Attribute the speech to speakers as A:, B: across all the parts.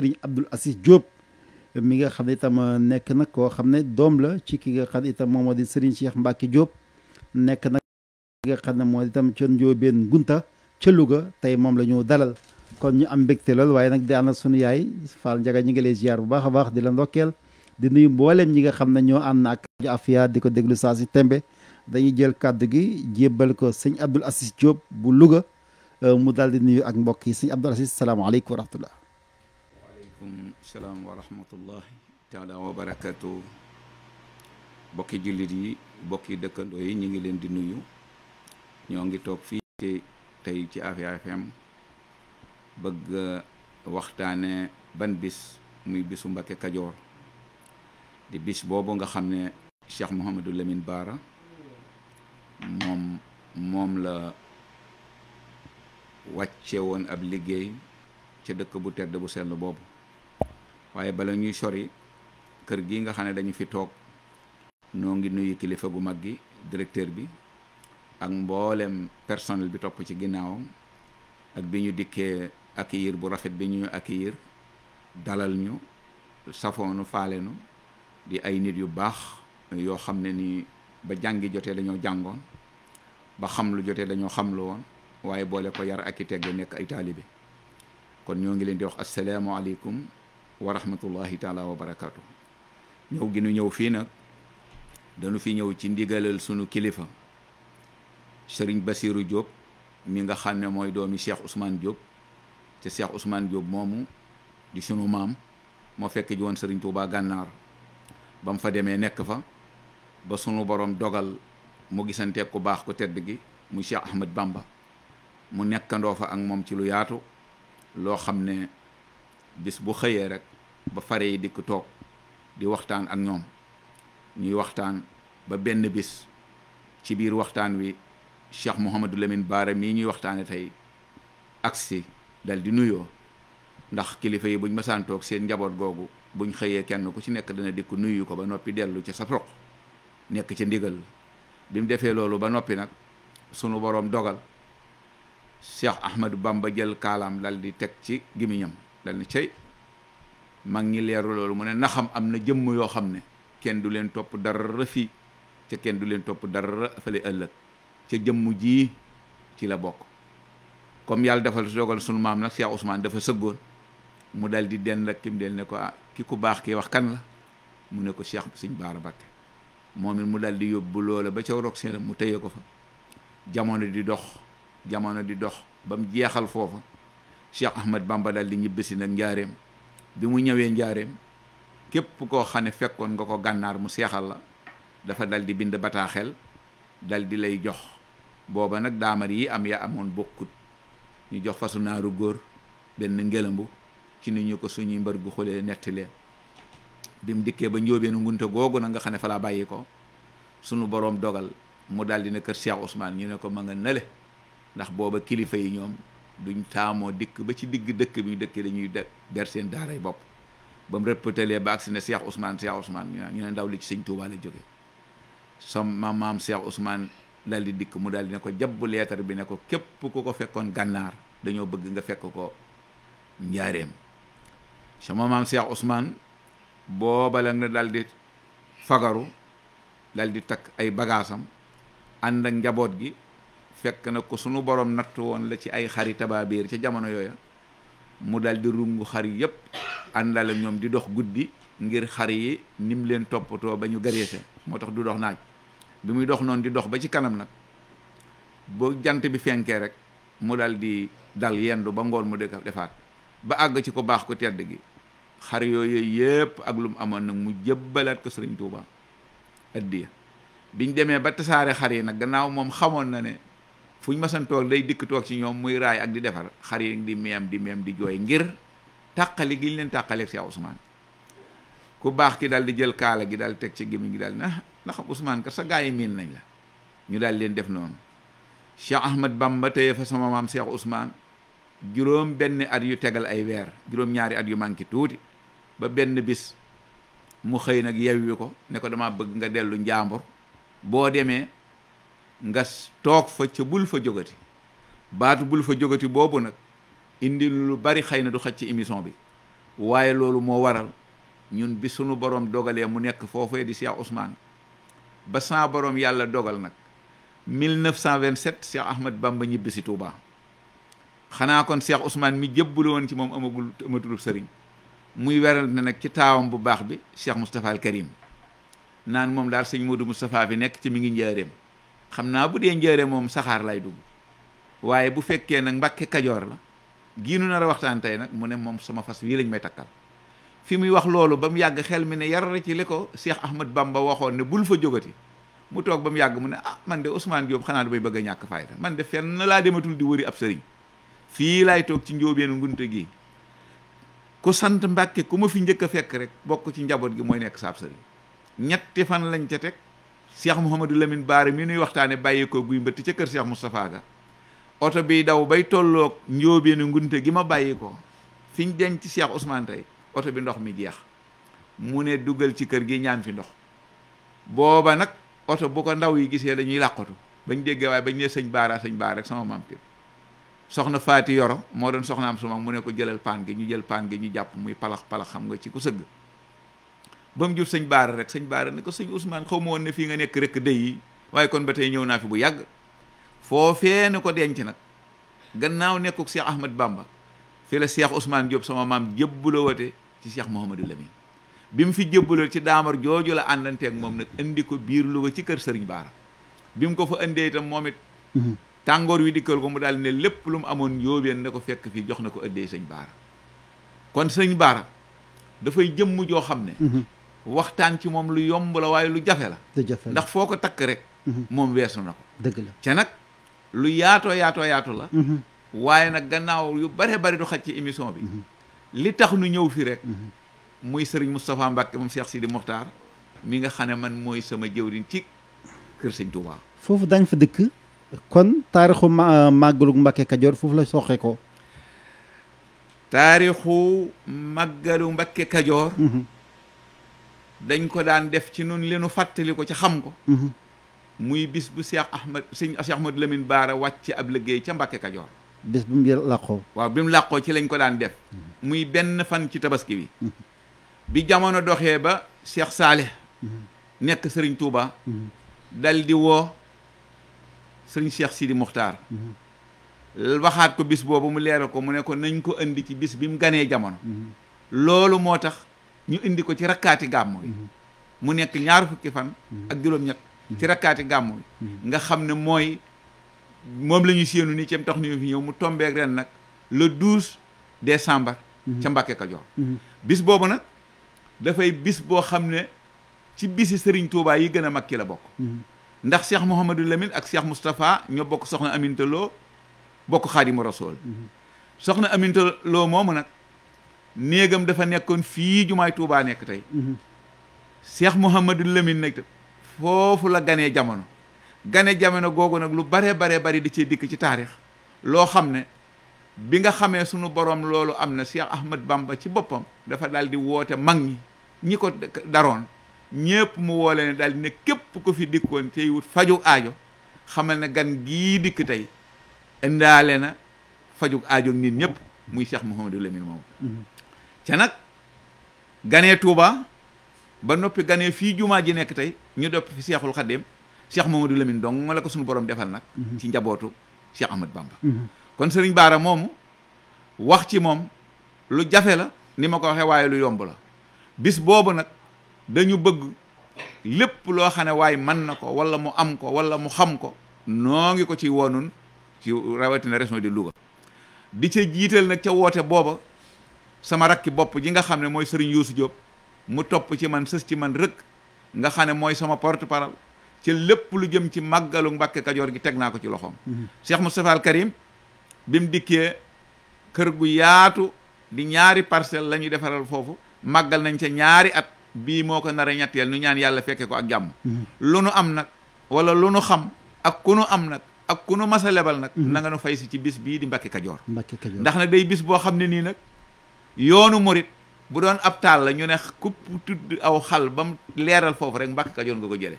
A: Serigne Abdoul Aziz Diop mi nga xam ne itam nekk nag koo xam ne doom la ci ki nga xam ne itam moom moo di Serigne Cheikh Mbacke jóob nekk nag ki nga xam ne moo itam ca Ndiobène Gunta ca Louga tey moom la ñu dalal kon ñu am mbégte lool waaye nag di ànd sunu yaay Fall Ndiaga ñu ngi lay ziar bu baax a baax di la ndokkeel di nuyu mboolem ñi nga xam ne ñoo ànd ak Afia di ko déglu saa si tembe dañuy jël kàddu gi jébbal ko sëñ Abdoul Aziz Diop bu Louga mu daal di nuyu ak mbokk yi sëñ Abdoul Aziz salaamaaleykum wa rahmatullah
B: aleykum salaam wa rahmatullahi taala wa barakatu bokki jullit yi bokki dëkkandoo yi ñu ngi leen di nuyu ñoo ngi toog fii tey ci Afia FM bëgg waxtaane ban bis muy bisu Mbàkke Kajoor di bis boobu nga xam ne Cheikh Mouhamadou Lamine Bara moom moom la wàcce woon ab liggéey ca dëkk bu tedd bu sell boobu waaye bala ñuy sori kër gi nga xam ne dañu fi toog ñoo ngi nuyu kilifa gu mag gi directeur bi ak mbooleem personnel bi topp ci ginnaawam ak bi ñu dikkee ak accueillir bu rafet bi ñu accueillir dalal ñu safoonu faaleenu di ay nit yu baax yoo xam ne nii ba jàngi jotee dañoo jàngoon ba xam lu jotee dañoo xam lu woon waaye boole ko yar ak i tegg nekk ay taalibe kon ñoo ngi leen di wax asalaamaaleykum wa rahmatullahi taala wa barakaatu ñëw gi nu ñëw fii nag dañu fi ñëw ci ndigalal sunu kilifa sëriñ Basiru Diop mi nga xam ne mooy doomi Cheikh Ousmane Diop te Cheikh Ousmane Diop moomu di sunu maam moo fekk ji woon sëriñ Touba gànnaar ba mu fa demee nekk fa ba sunu borom dogal mu gisante ku baax ko tedd gi mu Cheikh Ahmed Bamba mu nekkandoo fa ak moom ci lu yaatu loo xam ne bis bu xëyee rek ba fare yi dikk toog di waxtaan ak ñoom ñuy waxtaan ba benn bis ci biir waxtaan wi Cheikh Mouhamadou lemin Baara mii ñuy waxtaane tey agsi dal di nuyoo ndax kilifa yi buñ mësaan seen njaboot googu buñ xëyee kenn ku ci nekk dana dikk nuyu ko ba noppi dellu ca sa roq nekk ca ndigal bi mu defee loolu ba noppi nag sunu boroom dogal Cheikh Ahmadou Bamba jël kaalaam dal di teg ci gimiñam dal ni cey mag ñi leeru loolu mu ne naxam am na jëmm yoo xam ne kenn du leen topp dara fii ca kenn du leen topp dara fële ëllëg ca jëmm ji ci la bokk comme yàlla dafa dogal sunu maam nag Cheikh Ousmane dafa sëggoon mu dal di den ak kim del ne ko ah ki ku baax kii wax kan la mu ne ko Cheikh Sëñ Baara Bakke moom it mu dal di yóbbu loola ba ca rog seen mu téye ko fa jamono di dox jamono di dox ba mu jeexal foofa Cheikh Ahmed Bamba dal di ñibbisi nag njaareem bi mu ñëwee njaareem képp koo xam ne fekkoon nga ko gànnaar mu seexal la dafa dal di bind bataaxel dal di lay jox booba nag daamar yi am ya amoon bokkut ñu jox fasu naaru góor benn ngelambu ci ni ñu ko suñuy mbër gu xulee netti leen bi mu dikkee ba njóobeenu ngunte googu na nga xam ne fa laa bàyyi ko sunu boroom dogal mu daal di ne kër Cheikh Ousmane ñu ne ko ma nga nële ndax booba kilifa yi ñoom duñ taamoo dikk ba ci digg dëkk bi dëkk dañuy der seen daaray bopp ba mu répétélee ba agsi ne Cheikh Ousmane Cheikh Ousmane ñu ne ndaw li ci sëñ Touba la jóge maam Cheikh Ousmane dal di dikk mu daal di ne ko jabb leetar bi ne ko képp ku ko fekkoon gànnaar dañoo bëgg nga fekk ko njaareem sama maam seex Ousmane booba la na daal di fagaru dal di takk ay bagaasam ànd ak njaboot gi fekk na ko sunu boroom nattu woon la ci ay xari tabaabiir ca jamono yooya mu dal di rungu xar yépp àndal ak ñoom di dox guddi ngir xar yi nim leen toppatoo ba ñu gareete moo tax du dox naaj bi muy dox noonu di dox ba ci kanam nag boo jant bi fenkee rek mu dal di dal yendu ba ngoon mu dëkk defaat ba àgg ci ko baax ko tedd gi xar yooyu yëpp ak lu mu amoon nag mu jëbbalaat ko sëriñ Tuuba addiya biñ demee ba tasaare xar yi nag gannaaw moom xamoon na ne fu ñu masan toog day dikk toog ci ñoom muy raay ak di defal xar yi di meem di meem di jooy ngir tàqali gi ñu leen tàqaleeg si Ousmane ku baax ki daal di jël kaala gi daal teg ci gémmiñ gi daal na na xam Ousmane kat sa gaa yi miin nañ la ñu daal leen def noonu Cheikh Ahmad Bamba teye fa sama maam Cheikh Ousmane juróom benn at yu tegal ay weer juróom ñaari at yu manqué tuuti ba benn bis mu xëy nag yewwi ko ne ko dama bëgg nga dellu njàmbur boo demee nga toog fa ca bul fa jógati baatu bul fa jógati boobu nag indi lu bari xëy na du xaj ci émission bi waaye loolu moo waral ñun bi sunu borom dogalee mu nekk foofee di Cheikh Ousmane ba saa borom yàlla dogal nag 1927 Cheikh Ahmad Bamba ñibbi si Touba xanaa kon Cheikh Ousmane mi jëbbul woon ci moom amagul amatulub sëriñ muy weral ne nag ci taawam bu baax bi Cheikh Moustapha al naan moom daal sëñ Modou Moustapha bi nekk ci mi ngi njaareem xam naa bu dee njëre moom saxaar lay dugg waaye bu fekkee nag mbàkke kajoor la giinu nar a waxtaan tey nag mu ne moom sama fas wii lañ may takkal fi muy wax loolu ba mu yàgg xel mi ne yar ci li ko Cheikh Ahmad Bamba waxoon ne bul fa jógati mu toog ba mu yàgg mu ne ah man de Ousmane Diop xanaa damay bëgg a ñàkk fayda man de fenn laa dematul di wëri ab sëriñ fii laay toog ci njóobeen ngunte gi ku sant mbàkke ku ma fi njëkk a fekk rek bokk ci njaboot gi mooy nekk saab ñetti fan lañ ca teg Cheikh Mouhamadou Lamine Baara mi nuy waxtaane bàyyeekoo guy mbëtt ca kër Cheikh Moustapha ga oto bi daw bay tolloog njóobeenu ngunte gi ma bàyyi ko fi ñu denc Cheikh Ousmane tey oto bi ndox mi jeex mu ne dugal ci kër gi ñaan fi ndox booba nag oto bu ko ndaw yi gisee dañuy làqatu bañ déggee waaye bañ ne sëñ Baara sëñ Baara rek sama maam kër soxna Faati Yoro moo doon soxnaam am suma mu ne ko jëlal paan gi ñu jël paan gi ñu jàpp muy palax palax xam nga ci ku sëgg ba mu jur sëñ baara rek sëñ baara ne ko sëñ Ousmane xaw ma woon ne fii nga nekk rek dëy yi waaye kon ba tey ñëw naa fi bu yàgg foofee na ko denc nag gannaaw nekkuk Cheikh Ahmad Bamba fi la Cheikh Ousmane Diop sama maam jëbbuloo wate ci Cheikh Mouhamadou Lamine bi mu fi jëbbaloo ci daamar jooju la àndanteeg moom nag indi ko biir Louga ci kër sëriñ baara bi mu ko fa indee itam moom it mhm. tàngoor wi dikkal ko mu daal ne lépp lu mu amoon yóobeen ne ko fekk fii jox na ko ëddee sëñ kon sëñ baara dafay jëmm joo xam ne mhm. waxtaan ci moom lu yomb la waaye lu jafe la ndax foo ko takk rek mhm. moom weesu na ko dëgg la ca nag lu yaatoo yaatoo yaatu la mhm. waaye nag gannaaw yu bare bari du xaj ci émission bi mhm. li tax nu ñëw fi rek muy sëriñ Moustapha Mbacke moom Cheikh Sidi Mokhtar mi nga xam ne man mooy sama jëwriñ ci kër sëñ Touba
A: foofu dañ fa dëkk kon taarixu euh, màggalug Mbacke Kajoor foofu la soxe ko
B: taarixu màggalu Mbacke Kajoor dañ ko daan def ci nun li nu fàttali ko ci xam ko mhm. muy bis bu Cheikh Ahmad sëñ Cheikh Ahmad Lamine Baara wàcc ab liggéey ca Mbàkke Kajoor
A: bis bu mu làqoo
B: waaw bi mu làqoo ci lañ ko daan def mhm. muy benn fan ci tabaski bi mhm. bi jamono doxee ba Cheikh Saalih nekk sëriñ tuuba dal di woo sëriñ Cheikh Sidi Muxtaar waxaat ko bis boobu mu leeral ko mu ne ko nañ ko indi ci bis bi mu ganee jamono loolu moo tax ñu indi ko ci rakkaati gàmmu yi mhm. mu nekk ñaar fukki fan mhm. ak juróom-ñett ci mhm. rakkaati gàmmu yi nga xam ne mooy moom lañuy ñu séenu nii ceem tax ñu fi ñëw mu tombeek reen nag le 12 décembre ca Mbàkke Kajoor bis boobu nag dafay bis boo xam ne ci bisi Serigne Touba yi gën a mag ki la bokk ndax Cheikh Mouhamadou Lamine ak seex Moustapha ñoo bokk soxna Aminta Lo bokk Xaadimu Rasuul soxna Aminta moomu nag néegam dafa nekkoon fii jumaay Tuubaa nekk tey Cheikh mhm. Mouhamadou Lamine nag foofu la ganee jamono gane jamono googu nag lu bare bare bari di ci dikk ci taarix loo xam ne bi nga xamee sunu borom loolu am na Cheikh Ahmad Bamba ci boppam dafa daal di woote mag ñi ñi ko daroon ñépp mu woole daal di ne képp ko fi dikkoon tey faju aajo xamal ne gan gii dikk tey indaale na fajug aajo nit ñëpp muy Cheikh Mouhamadou Lamine moom mhm. ca nag ganee tuuba ba noppi ganee fii jumaa ji nekk tey ñu dopp fi seexul xaddim seex Mamadou Lamine dong la ko suñu borom defal nag mhm. ci njabootu seex Ahmad Bamba mhm. kon sëriñ Baara moomu wax ci moom lu jafe la ni ma ko waxee waaye lu yomb la bis boobu nag dañu bëgg lépp loo xam ne waaye mën na ko wala mu am ko wala mu xam ko noo ngi ko ci woonun ci rawatina région de Louga bi ca jiital nag ca woote booba sama rakki bopp ji nga xam ne mooy sëriñ Youssou jóob mu topp ci man sës ci man rëkk nga xam ne mooy sama porte paral ci lépp lu jëm ci màggalu Mbàkke Kajoor gi teg naa ko ci loxoom mhm. Cheikh Moustapha Al Karim bi mu dikkee kër gu yaatu di ñaari parcelle la ñuy defaral foofu màggal nañ ca ñaari at bii moo ko nar ñett yel nu ñaan yàlla fekke ko ak jàmm mhm. lu nu am nag wala lu nu xam ak ku nu am nag ak ku nu mas lebal nag mhm. na nu fay si ci bis bii di Mbàkke Kajoor yoonu murit bu doon ab taal la ñu ne kupp tudd aw xal ba mu leeral foofu rek Mbàkke Kajoor nga ko jële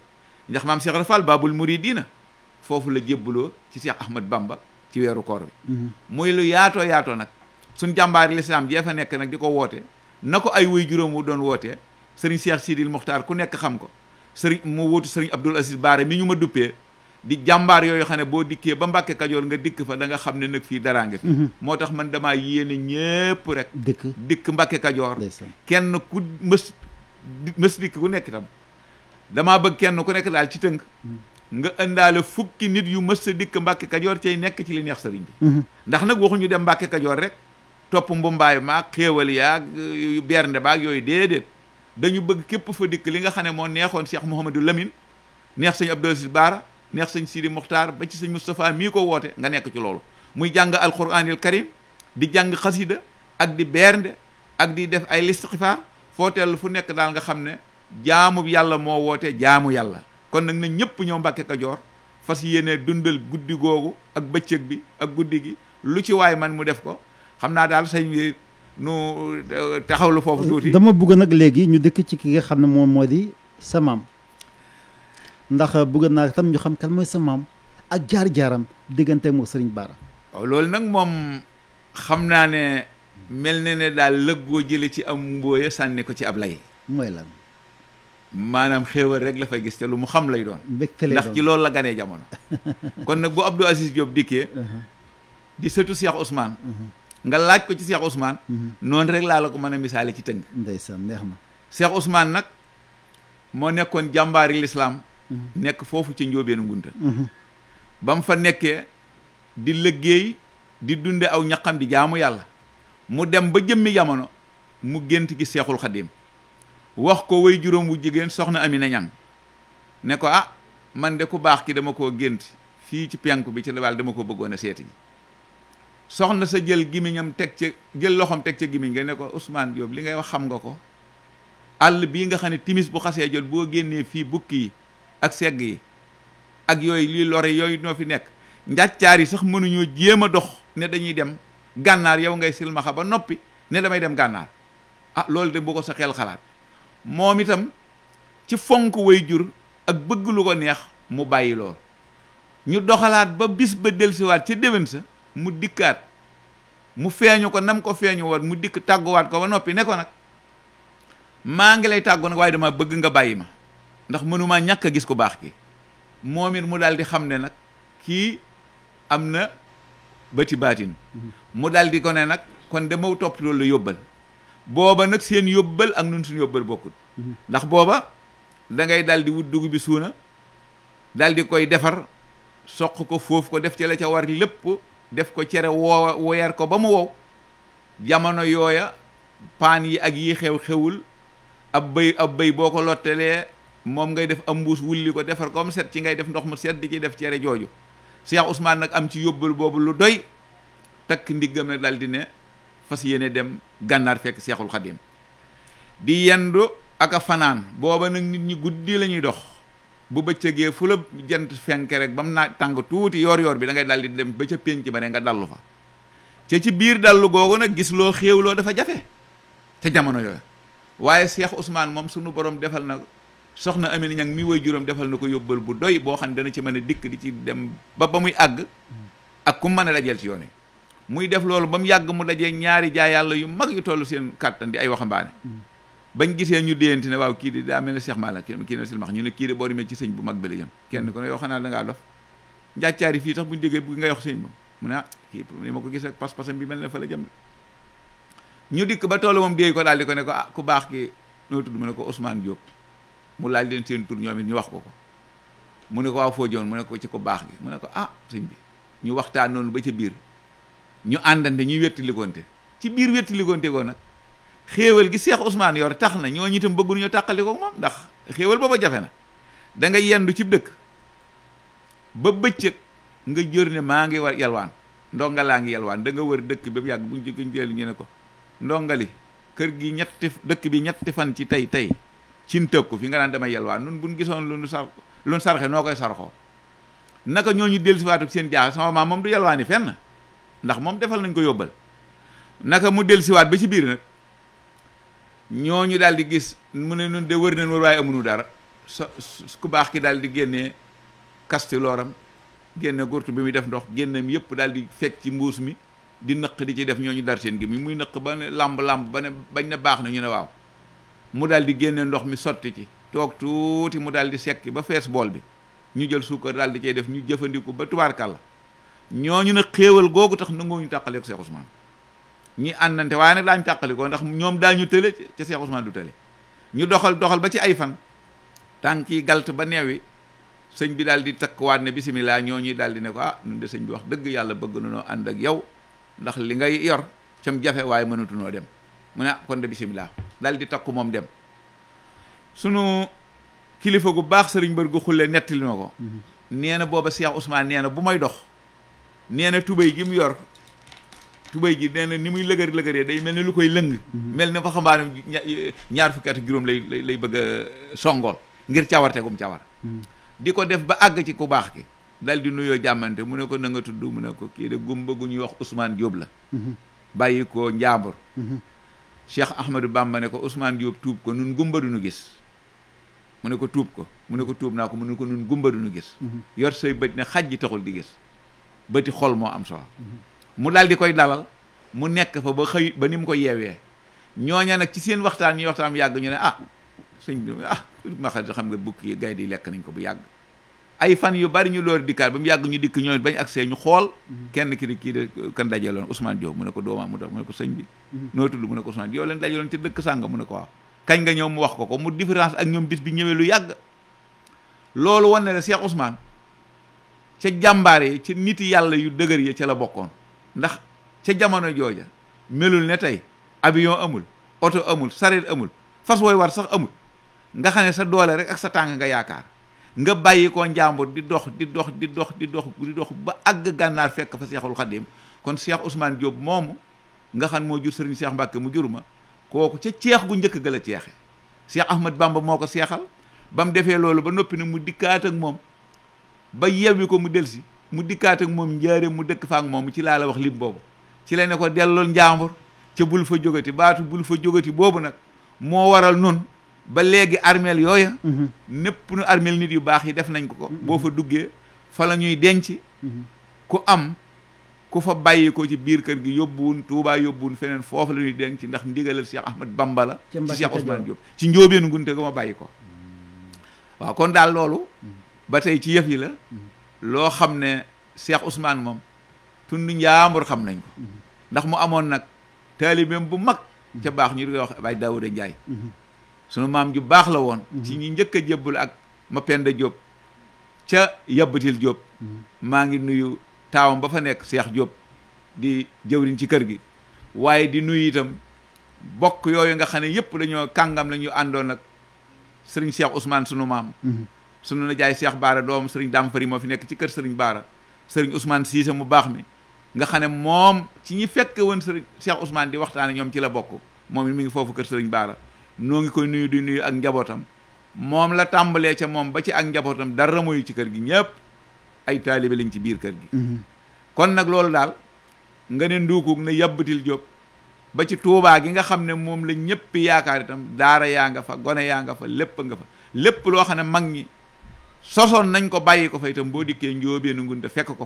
B: ndax maam Cheikh Rafal baabul muridiina foofu la jébbaloo ci Cheikh Ahmad Bamba ci weeru koor bi mhm. muy lu yaatoo yaatoo nag suñ jàmbaari lislaam jee fa nekk nag di ko woote na ko ay way juróom wu doon wootee sëriñ Cheikh Sidil Muxtaar ku nekk xam ko sëriñ mu wóotu sëriñ Abdul Aziz Baare mi ñu ma duppee di jàmbaar yooyu xam ne boo dikkee ba Mbàkke Kajoor nga dikk fa da nga xam ne nag fii daraa nga fi mhm. moo tax man damaa yéene ñépp rek dikk dikk Mbàkke Kajoor kenn ku mës mës dikk ku nekk itam damaa bëgg kenn ku nekk daal ci tënk mhm. nga indaale fukki nit yu mës sa dikk Mbàkke Kajoor cay nekk ci li neex sëriñ bi mhm. ndax nag waxuñu dem Mbàkke Kajoor rek topp mbumbaay maag xéewal yaag bernde baag yooyu déedéet dañu bëgg képp fa dikk li nga xam ne moo neexoon Cheikh Mouhamadou Lamine neex sëñ Abdou Aziz Bara neex sañ sëñ Sidi Muxtaar ba ci sëñ Moustapha mii ko woote nga nekk ci loolu muy jàng al alquranil karim di jàng xasida ak di bernde ak di def ay listixfaar foo teel fu nekk daal nga xam ne jaamu yàlla moo woote jaamu yàlla kon nag na ñëpp ñoo Mbàkke Kajoor fas yéene dundal guddi googu ak bëccëg bi ak guddi gi lu ci waay man mu def ko xam naa daal sëñ bi nu euh, taxawlu foofu tuuti dama
A: bëgg nag léegi ñu dëkk ci ki nga xam ne moom moo di sa maam ndax bëgg naa tam ñu xam kan mooy sa maam ak jaar-jaaram diggante moo sëriñ Bara
B: loolu nag moom xam naa ne mel na ne daal lëggoo jële ci am mbooya sànni ko ci ab lay mooy la maanaam xéewal rek la fa gis te lu mu xam lay doon ndax ci loolu la ganee jamono kon nag bu Abdou Aziz Diop dikkee di sëtu Cheikh Ousmane uh-huh. nga laaj ko ci Cheikh Ousmane uh-huh. noonu rek laa la ko mën a misaale ci tënk ndeysaan neex na Cheikh Ousmane nag moo nekkoon jàmbaari lislaam Mm-hmm. nekk foofu ca njóobeenu ngunta mm-hmm. ba mu fa nekkee di liggéey di dunde aw ñaqam di jaamu yàlla mu dem ba jëmmi jamono mu gént gi seexul xadim wax ko way juróom wu jigéen soxna ami Amina Ñang ne ko a ah, man de ku baax ki dama koo gént fii ci penk bi ci la dama ko bëggoon a seeti ji soxna sa jël gimiñam teg ca jël loxom teg ca gimiñ nga ne ko Ousmane Diop li ngay wax xam nga ko àll bii nga xam ne timis bu xasee jot boo génnee fii bukki yi ak segg yi ak yooyu lii lore yooyu ñoo fi nekk njàccaar yi sax mënuñoo jéem a dox ne dañuy dem gànnaar yow ngay silmaxa ba noppi ne damay dem gànnaar ah loolu de bu ko sa xel xalaat moom itam ci fonk way jur ak bëgg lu ko neex mu bàyyi lool ñu doxalaat ba bis ba delsiwaat ca déwén sa mu dikkaat mu feeñu ko nam ko feeñu woon mu dikk tàgguwaat ko ba noppi ne ko nag maa ngi lay tàggu nag waaye dama bëgg nga bàyyi ma ndax mënumaa ñàkk a gis ku baax ki moom it mu daal di xam ne nag kii am na bëti baatin mm-hmm. mu daal ko ne nag kon dama topp loolu la yóbbal booba nag seen yóbbal ak nun suñu yóbbal bokkut mm-hmm. ndax booba dangay daldi wut dugub bi suuna daal di koy defar soq ko foofu ko def ci la ca war lépp def ko cere woo woyar ko ba mu wow jamono yooya paan yi ak yi xew xewul ab béy ab béy boo ko lottelee moom ngay def am mbuus wulli ko defar comme set ci ngay def ndox mu set di ciy def cere jooju Cheikh Ousmane nag am ci yóbbal boobu lu doy takk ndiggam nag daal di ne fas yéene dem gànnaar fekk Seexul Xadim di yendu ak fanaan booba nag nit ñi guddi la ñuy dox bu bëccëgee fu la jant fenk rek ba mu naa tàng tuuti yoor-yoor bi da ngay daal di dem ba ca pénc ba ne nga dallu fa te ci biir dallu googu nag gis loo xéewloo dafa jafe te jamono yooyu waaye Cheikh na soxna Amina Ñang mi woy juróom defal na ko yóbbal bu doy boo xam ne dana ci mën a dikk di ci dem ba ba muy àgg ak ku mën a dajeel ci yoon muy def loolu ba mu yàgg mu dajee ñaari jaay yàlla yu mag yu toll seen kàttan di ay waxambaane bañ gisee ñu déyante ne waaw kii di daa mel ne Cheikh Mala kii ne silmax ñu ne kii de boo demee ci sëñ bu mag bi la jëm kenn ko ne yoo xanaa da ngaa dof njàccaari fii tax buñ déggee bu nga yox sëñ moom mu ne ah ma ko gis ak pas-pasam bi mel na fa la jëm ñu dikk ba toll moom déey ko daal di ko ne ko ah ku baax ki noo tudd mu ne ko Ousmane Diop mu laaj leen seen tur ñoom it ñu wax ko ko mu ne ko waaw foo mu ne ko ci ko baax gi mu ne ko ah sëñ bi ñu waxtaan noonu ba ca biir ñu àndante ñuy wetti ligoonte ci biir wettilikoon ligoonte koo nag xéewal gi Seex Usmaan yor tax na ñoo ñitam ñu tàqali ko moom ndax xéewal booba jafe na da nga yendu cib dëkk ba bëccëg nga jër ne maa ngi war yalwaan ndonga laa ngi yalwaan da nga wër dëkk ba yàgg bu ñu jël ñu ne ko ndongali kër gi ñetti dëkk bi ñetti ci tey tey cin ko fi nga naan damay yelwaan nun buñ gisoon lu nu sar lu nu sarxe noo koy sarxoo naka ñoo ñu ak seen jaax sama maam moom du yelwaani fenn ndax moom defal nañ ko yóbbal naka mu dellusiwaat ba ci biir nag ñooñu daal di gis mu ne nun de wër nañ wër waaye amuñu dara so ku baax ki daal di génnee kasti looram génne gurtu bi muy def ndox génneem yëpp daal di fekk ci mbuus mi di nëq di ci def ñooñu dar seen gi mi muy nëq ba ne làmb làmb ba ne bañ na baax na ñu ne waaw mu daal di génne ndox mi sotti ci toog tuuti mu daal di sekki ba fees bool bi ñu jël suukar daal di cay def ñu jëfandiku ba ñoo ñu nag xéewal googu tax nanguwuñu tàqale ko Cheikh Ousmane ñi àndante waaye nag daañu ndax ñoom daañu tële ca Cheikh Ousmane du tële ñu doxal doxal ba ci ay fan tànk yi galt ba neew yi sëñ bi daal di takkuwaat ne ñoo ñooñuy daal di ne ko ah ñun de sëñ bi wax dëgg yàlla bëgg na noo ànd ak yow ndax li ngay yor cam jafe waaye mënatu noo dem mu ne ah kon de bisimilah daal di takku moom dem sunu kilifa gu baax sëriñ bër gu xullee nettali ko mhm. nee na booba Cheikh Ousmane nee na bu may dox nee na tubéy gi mu yor tubéy gi nee na ni muy lëgër lëgëree day mel ni lu koy lëng mhm. mel ne fa xambaane ñaar fukki at ak juróom lay bëgg a euh, songool ngir cawarte gum cawar mhm. di ko def ba àgg ci ku baax ki dal di nuyoo jàmmante mu ne ko na nga tudd mu ne ko kii de gumba gu ñuy wax Ousmane Diop la bàyyi ko njaambur Cheikh Ahmadou Bamba ne ko Ousmane Diop tuub ko nun gumba duñu gis mu ne ko tuub ko mu ne ko tuub naa ko mu ne ko nun gumba duñu gis mhm. yor say bët ne xaj ji taxul di gis bëti xol moo am solo mhm. mu daal di koy dalal mu nekk fa ba xëy ba ni mu ko yeewee ñooña nag ci seen waxtaan ñuy waxtaan yàgg ñu ne ah sëñ bi ah xam nga bukki yi gaynde yi lekk nañ ko bu yàgg ay fan yu bari ñu loori dikkaat ba mu yàgg ñu dikk ñoom bañ accès ñu xool mhm. kenn ki ni kii de kan dajaloon Ousmane Diop mu ne ko doomaam mu tax mu ne ko sëñ bi mhm. noo tudd mu ne ko Ousmane Diop leen dajaloon ci dëkk sànga mu ne ko waaw kañ nga ñëw mu wax ko ko mu différence ak ñoom bis bi ñëwee lu yàgg loolu wane ne Cheikh Ousmane ca jàmbaar yi ca nit yàlla yu dëgër yi ca la bokkoon ndax ca jamono jooja melul ne tey avion amul oto amul sareet amul fas war sax amul nga xam sa doole rek ak sa tàng nga yaakaar nga bàyyi koo njàmbur di dox di dox di dox di dox di dox ba àgg gànnaar fekk fa seexul xadim kon seex Ousmane jóob moomu nga xam moo jur sëriñ seex Mbàkke mu jur ma kooku ca ceex gu njëkk ga la ceexe seex Ahmad Bamba moo ko seexal ba mu defee loolu ba noppi ne mu dikkaat ak moom ba yewwi ko mu delsi mu dikkaat ak moom njaareem mu dëkk fa ak moom ci laa la wax lim boobu ci la ne ko dellool njàmbur ca bul fa jógati baatu bul fa jógati boobu nag moo waral nun ba léegi armeel yooya mhm. népp nu armeel nit yu baax yi def nañ ko ko mhm. boo fa duggee fa la ñuy denc mhm. ku am ku fa bàyyi ko ci biir kër gi yóbbuwun tuubaay yóbbuwun feneen foofu la ñuy denc ndax ndigalal Cheikh Ahmad Bamba la ci Cheikh Ousmane Diop ci njóobeen gunte ga ma bàyyi ko waaw kon daal loolu ba tey ci yëf yi la loo xam ne Cheikh Ousmane moom tund njaambur xam nañ ko ndax mu amoon nag taalibeem bu mag ca baax ñu di koy wax Baay Daawuda Njaay sunu maam ju baax la woon mhm. ci ñi njëkk a jébbal ak Mapenda jóob ca Yabatil Diop mhm. maa ngi nuyu taawam ba fa nekk Cheikh Diop di jëwriñ ci kër gi waaye di nuyu itam bokk yooyu nga xam ne yëpp dañoo kàngam la ñu àndoon nag sëriñ Cheikh Ousmane sunu maam mhm. sunu na jaay Cheikh Baara doom sëriñ Damfari moo fi nekk ci kër sëriñ Baara sëriñ usmaan Cissé mu baax mi nga xam ne moom ci ñi fekk woon sëriñ Cheikh Ousmane di waxtaane ñoom ci la bokk moom it mu ngi foofu kër sëriñ Baara noo ngi koy nuyu di nuyu ak njabootam moom la tàmbalee ca moom ba ci ak njabootam dara mooy ci kër gi ñëpp ay taalibe lañ ci biir kër gi mm-hmm. kon nag loolu daal nga ne nduukuk ne yabbatil jóob ba ci tuubaa gi nga xam ne moom la ñëpp yaakaar itam daara yaa nga fa gone yaa nga fa lépp nga fa lépp loo xam ne mag ñi sosoon nañ ko bàyyi ko fa itam boo dikkee njóobeenu ngunta fekk ko fa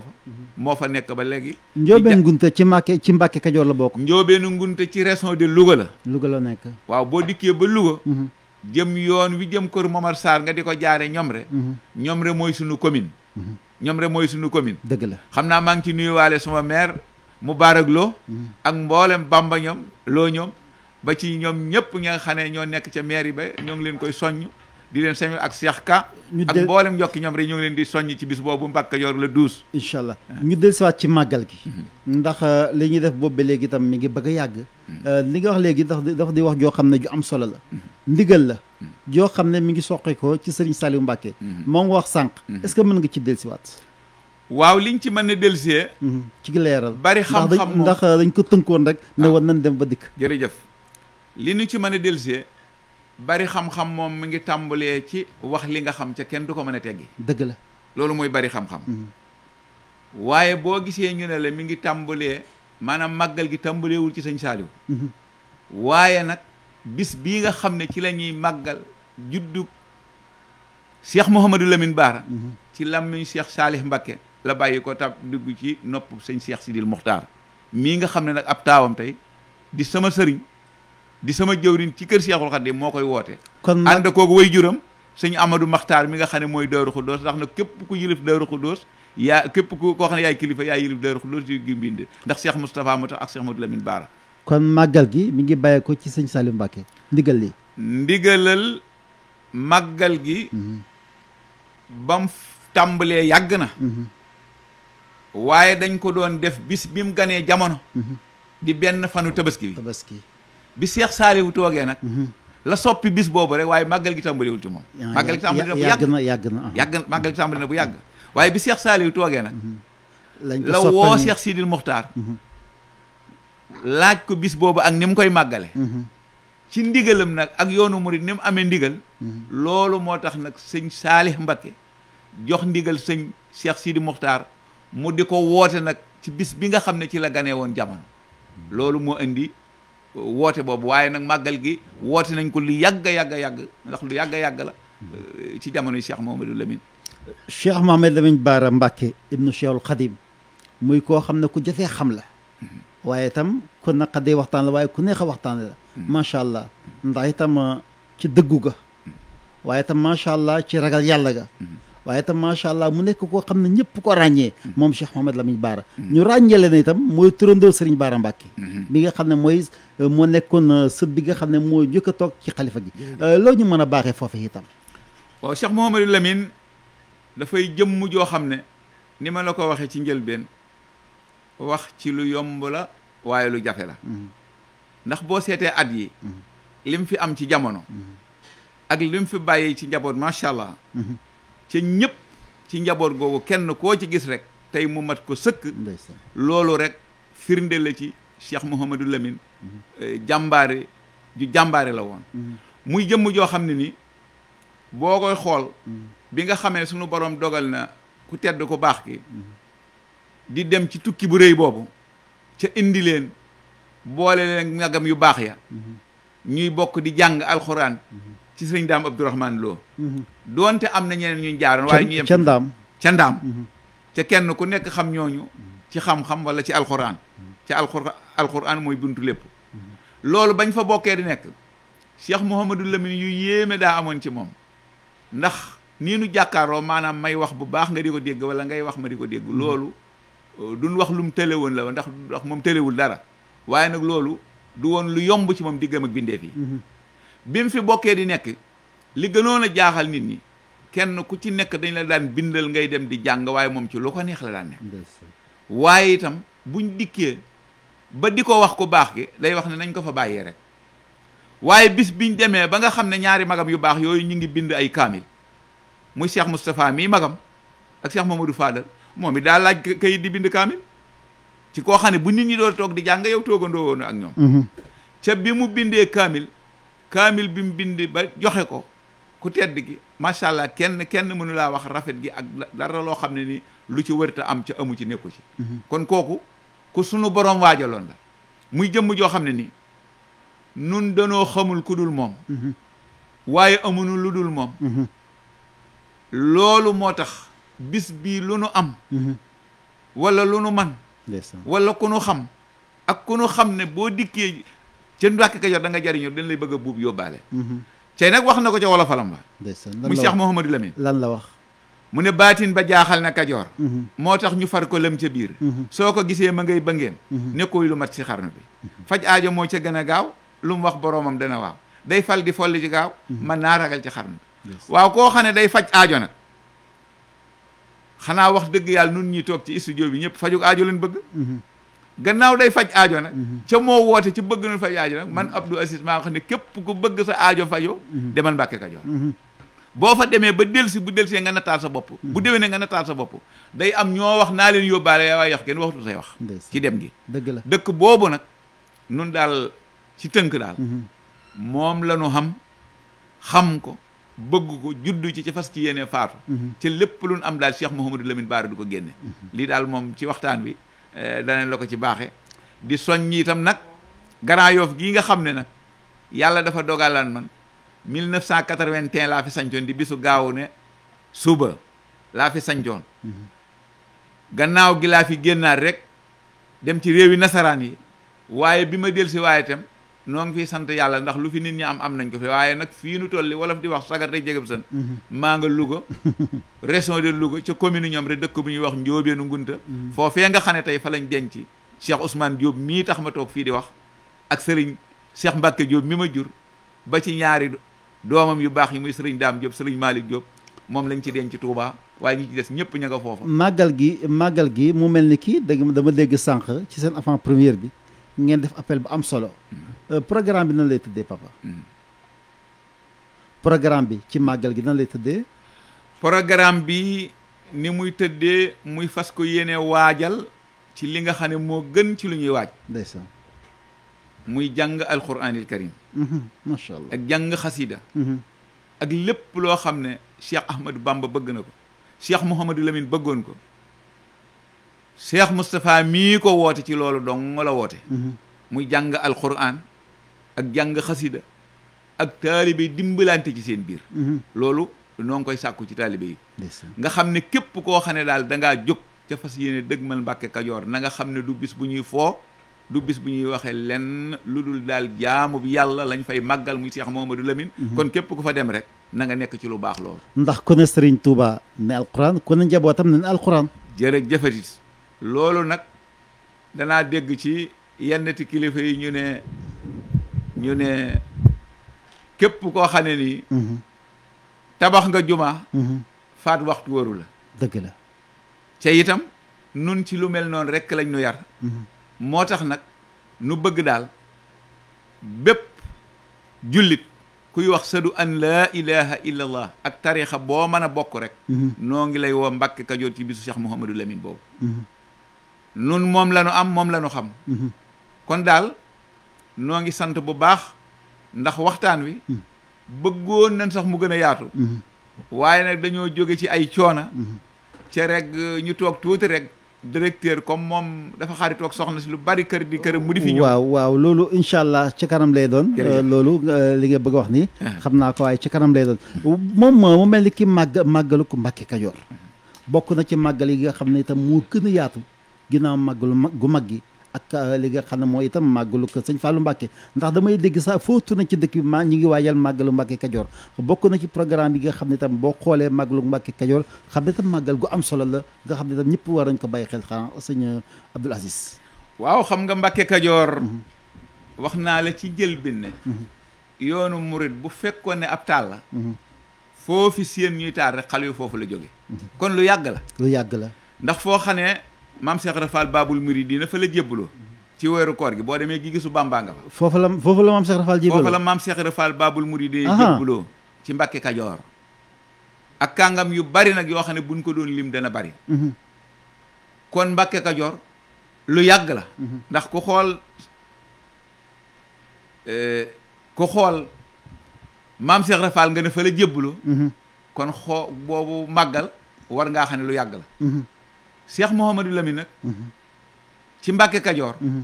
B: moo fa nekk ba léegi njóobeenu
A: ngunta ci Mbàkke ci Mbàkke Kajoor la bokk
B: njóobeenu ngunta ci région de Louga la Louga la nekk waaw boo dikkee ba Louga mhm. jëm yoon wi jëm kër Momar Sarr nga di ko jaare Ñomre mhm. Ñomre mooy sunu commune mhm. Ñomre mooy sunu commune dëgg la xam naa maa ngi ci nuyuwaale suma maire mu baarak loo ak mboolem Bamba ñoom loo ñoom ba ci ñoom ñëpp ñi nga xam ne ñoo nekk ca maire yi ba ñoo ngi koy soññ di leen sañu ak Cheikh Ka ak mboolem njokki ñoom rek ñu leen di soññ ci bis boobu Mbàkke Kajoor la douze incha allah
A: ñu del siwaat ci màggal gi mhm. ndax euh, li ñuy def boobu ba léegi itam mi ngi bëgg yàgg mhm. euh, li nga wax léegi ndax dafa di wax joo xam ne ju am solo la mhm. ndigal la joo xam ne mi ngi soqikoo ci Sëriñ Saliou Mbàkke moo ngi wax sànq est-ce que mën nga ci del siwaat
B: waaw liñ ci mën na dellusee
A: ci leeral bari xam-xam ndax euh, dañ ko tënkoon rek ne ah. war nañ dem ba dikk
B: jërëjëf li bari xam-xam moom mi ngi tàmbalee ci wax li nga xam ca kenn du ko mën a teggi dëgg la loolu mooy bari xam-xam mm-hmm. waaye boo gisee ñu ne la mi ngi tàmbalee maanaam màggal gi tàmbaleewul ci sëñ Saaliw mm-hmm. waaye nag bis bii nga xam ne ci la ñuy màggal juddub Cheikh Mouhamadou Lamine Baara mm-hmm. ci làmmiñ Cheikh Saalih Mbakke la bàyyi ko tab dugg ci nopp sëñ si Sidil Muxtaar mii nga xam ne nag ab taawam tey di sama sëriñ di sama jëwriñ ci kër Seexul Xadiim moo koy woote kon ànd kooku way juram sëñ Amadou Maxtaar mi nga xam ne mooy Daaru Xuddoos ndax na képp ku yilif Daaru Xuddoos yaa képp ko koo xam ne yaay kilifa yaay yilif Daaru Xuddoos yi gi mbind ndax Cheikh Moustapha moo tax ak Cheikh Modou Lamine Baara
A: kon màggal gi mi ngi bàyyee ko ci sëñ Saliou Mbacké ndigal
B: li ndigalal màggal gi mhm. bam tàmbalee yàgg na mhm. waaye dañ ko doon def bis bi mu ganee jamono mhm. di benn fanu tabaski bi bi Cheikh Saliou toogee nag. Mhm. la soppi bis boobu rek waaye màggal gi tàmbaliwul ci moom. Ah, màggal gi tàmbali na bu yàgg na yàgg na ah. yàgg na màggal gi tàmbali na bu yàgg. waaye bi Cheikh Saliou toogee nag. Mhm.
A: lañ ko la woo Cheikh
B: Sidil Mokhtar. Mhm. laaj ko bis boobu ak ni mu koy màggale ci ndigalam nag ak yoonu murit ni mu amee ndigal loolu moo tax nag sëñ Saalih Mbakke jox ndigal sëñ Cheikh Sidi Muxtaar mu di ko woote nag ci bis bi nga xam ne ci la ganee woon jamono loolu moo indi woote boobu waaye nag màggal gi woote nañ ko lu yàgg yàgg yàgg ndax lu yàgg yàgg la euh, ci jamono Cheikh Mouhamadou Lamine
A: Cheikh Mouhamadou Lamine Bara Mbacke ibnu Cheikhul Khadim muy koo xam ne ku jafee xam la mm-hmm. waaye itam ku naqadee waxtaan la waaye ku neex a waxtaan la mm-hmm. macha allah ndax itam uh, ci dëggu ga mm-hmm. waaye tam macha allah ci ragal yàlla ga waaye tam macha allah mu nekk koo xam ne ñëpp ko ràññee moom Cheikh Mouhamadou Lamine Bara ñu ràññee leen itam mooy turandoo Serigne Bara Mbacke mi nga xam Euh, moo nekkoon euh, sët bi nga xam ne moo jëkk a toog ci xalifa gi mm-hmm. euh, loo ñu mën a baaxee foofu itam
B: waaw Cheikh Mouhamadou Lamine dafay jëmm joo xam ne ni ma la ko waxee ci njëlbeen wax ci lu yomb la waaye lu jafe la mm-hmm. ndax boo seetee at yi mm-hmm. lim fi am ci jamono ak lim fi bàyyi ci njaboot macha allah ca ñëpp ci njaboot googu kenn koo ci gis rek tey mu mat ko sëkk loolu rek firnde la ci Cheikh Mouhamadou Lamine Euh, jàmbaare ju jàmbaare la woon mm-hmm. muy jëmm joo xam ne ni boo koy xool mm-hmm. bi nga xamee sunu borom dogal na ku tedd ku baax ki mm-hmm. di dem ci tukki bu rëy boobu ca indi leen boole leen nagam yu baax ya ñuy bokk di jàng alxuraan ci sëñ daam Abdourahman Lo doonte am na ñeneen ñu jaaroon waaye ñu yem ca ndaam ca kenn ku nekk xam ñooñu ci xam-xam wala ci alxuraan ca alxuraan alquran mooy buntu lépp loolu bañ fa bokkee di nekk Cheikh Mouhamadul Lamine yu yéeme daa amoon ci moom ndax nii nu jàkkaaroo maanaam may wax bu baax nga di ko dégg wala ngay wax ma di ko dégg loolu euh, duñ wax lu mu tële woon la ndax ndax moom tëlewul dara waaye nag loolu du woon lu yomb ci moom diggam ak bindeef yi mhm. bi mu fi bokkee di nekk li gënoon a jaaxal nit ñi kenn ku ci nekk dañ la daan bindal ngay dem di jàng waaye moom ci lu ko neex la daan nekk waaye itam buñ dikkee ba di ko wax ku baax gi day wax ne nañ ko fa bàyyee rek waaye bis biñ demee ba nga xam ne ñaari magam yu baax yooyu ñu ngi bind ay kaamil muy Cheikh Moustapha mii magam ak Cheikh Mamadou Fadal moom it daa laaj kayit di bind kaamil ci koo xam ne bu nit ñi doon toog di jàng yow toogandoo woon ak ñoom mhm. ca bi mu bindee kaamil kaamil bi mu bind ba joxe ko ku tedd gi macha allah kenn kenn mënu laa wax rafet gi ak dara loo xam ne ni lu ci wërta am ca amu ci nekku ci mhm. kooku ku sunu boroom waajaloon la muy jëmm joo xam ne ni nun danoo xamul ku dul moom mhm. waaye amuñu lu dul moom mhm. loolu moo tax bis bii lu nu am mhm. wala lu nu man wala ku nu xam ak ku nu xam ne boo dikkee ca Mbàkke Kajoor da nga jariñoo dañ lay bëgg a buub yóbbaale cey nag wax na ko ca wolofalam ba muy Cheikh Mouhamadou Lamine lan la wax mu ne baatin ba jaaxal na kajoor mhm. moo tax ñu far ko lëm ca biir mhm. soo ko gisee ma ngay bëngeen mhm. nekkuy lu mat si xarnu bi faj aajo moo ca gën a gaaw lu mu wax boroomam dana waaw day fal di folli ci gaaw man naa ragal ci xarnu bi waaw koo xam ne day faj aajo nag xanaa wax dëgg yàlla nun ñi toog ci studio bi ñëpp fajug aajo leen bëgg gannaaw day faj aajo nag ca moo woote ci bëgg nañ faj aajo nag man Abdou Aziz maa xam ne képp ku bëgg sa aajo fajo demal Mbàkke Kajoor boo fa demee ba delsi bu delsee nga nattaal sa bopp bu déwénee nga nattaal sa bopp day am ñoo wax naa leen yóbbaale yaa waay yox kenn waxtu say wax ci dem gi dëgg la dëkk boobu nag nun daal ci tënk daal mm-hmm. moom la ñu xam xam ko bëgg ko juddu ci ci fas ci yéene faatu mm-hmm. ci lépp lu nu am daal Cheikh Mouhamadou Lamine Bara du ko génne mm-hmm. lii daal moom ci waxtaan wi eh, dana la ko ci baaxe di soññ itam nag Grand Yoff gii nga xam ne nag yàlla dafa dogalaan man 1981 laa fi sancoon di bisu gaawu ne suba laa fi sancoon gannaaw gi laa fi génnaat rek dem ci réewi nasaraan yi waaye bi ma del si waaye itam noo ngi fiy sant yàlla ndax lu fi nit ñi am am nañ ko fi waaye nag fii nu tolli wolof di wax sagar jege bi san mhm. maa nga Louga région de Louga ca commune ñoom rek dëkk bu ñuy wax njóobeenu ngunta mhm. foofee nga xam ne tey fa lañ denc Cheikh Ousmane Diop mii tax ma toog fii di wax ak sëriñ Cheikh Mbacke Diop mi ma jur ba ci ñaari doomam yu baax yi muy sëriñ Daam Diop sëriñ Malick Diop moom lañu ci denc ci Touba waaye ñu ci des ñëpp ña nga foofa.
A: màggal gi màggal gi mu mel ni kii dégg dama dégg sànq ci seen avant première bi ngeen def appel bu am solo. Mm-hmm. Euh, programme bi nan lay tëddee papa. Mm-hmm. programme bi ci màggal gi nan lay tëddee.
B: programme bi ni muy tëddee muy fas ko yéene waajal ci li nga xam ne moo gën ci lu ñuy waaj. ndeysaan. muy jàng alquranil karim Mm-hmm. macha allah ak jàng xasida
C: mm-hmm.
B: ak lépp loo xam ne Cheikh Ahmadou Bamba bëgg na ko Cheikh Mouhamadou Lamine bëggoon ko Cheikh Moustapha mii ko woote ci loolu dong la woote mm-hmm. muy jàng alquran ak jàng xasida ak taalibe yi dimbalante ci seen biir loolu noo ngi koy sàkku ci taalibe yi nga xam ne képp koo xam ne daal dangaa jóg ca fas yéene dëgmal Mbàkke Kajoor na nga xam ne du bis bu ñuy foo du bis bu ñuy waxee lenn lu dul daal jaamu yàlla lañ fay màggal muy Cheikh du Lamine mhm. kon képp ku fa dem rek na nga nekk ci lu baax loolu
A: ndax ku sëriñ Serigne Touba ne alquran ku ne njabootam ne alquran
B: jërëjëfatit loolu nag danaa dégg ci yenn ti kilifa yi ñu ne ñu ne képp koo xam nii mhm. tabax nga jumaa mhm. faat waxtu wóoru la dëgg la ca itam nun ci lu mel noonu rek lañ nu yar moo tax nag nu bëgg daal bépp jullit kuy wax sadu an laa ilaha illa ak tarixa boo mën a bokk rek mhm. noo ngi lay woo Mbàkke Kajoor ci bisu Cheikh Mouhamadou Lamine boobu mhm. nun moom la nu am moom la nu xam mhm. kon daal noo ngi sant bu baax ndax waxtaan wi bëggoon nañ sax mu gën a yaatu waaye nag dañoo jóge ci ay coona ca rek ñu toog tuuti rek directeur comme moom dafa xaaritoog soxna si lu bari kër di kër mu di fi ñëw waaw
A: waaw loolu incha allah ci kanam lay doon euh, loolu euh, li nga bëgg a wax ni ah. xam naa ko waaye ci kanam lay doon moom mu mel ni kii màgg màggalu ku Mbàkke Kajoor bokk na ci màggal yi nga xam ne itam mu gën a yaatu ginnaaw màggalu gu mag gi ak euh, li nga xam ne mooy itam màggalu ko sëñ Fallou Mbacke ndax damay dégg sax footu a ci dëkk bi ma ñu ngi waajal màggalu Mbacke Kajoor bokk na ci programme bi nga xam ne tam boo xoolee màggalu Mbacke Kajoor xam ne itam màggal gu am solo la nga xam ne itam ñëpp war nañ ko bàyyi xel xanaa sëñ euh, Abdoul Aziz
B: waaw xam nga Mbacke Kajoor mhm. wax naa la ci njëlbéen ne mhm. yoonu murit bu fekkoon ne ab taal la mhm. foofi seen ñuy taal rek xal yu foofu la jóge kon lu yàgg la lu yàgg la ndax foo xam ne maam Cheikh Rafal Baabul Muridina fa la jébbaloo ci weeru koor gi boo demee gi gisu bàmbaa nga fa
A: foofu la foofu la maam Cheikh Rafal jébbaloo foofu la
B: maam Cheikh Rafal Baabul ci Mbàkke Kajoor ak kàngam yu bari nag yoo xam ne buñ ko doon lim dana bari mhm. kon Mbàkke Kajoor lu yàgg la mhm. ndax ku xool e, ku xool maam Cheikh Rafal nga ne fa la jébbaloo mhm. kon xoo boobu màggal war ngaa xam ne lu yàgg la Cheikh Mouhamadou Lamine nag mhm. ci Mbàkke Kajoor mhm.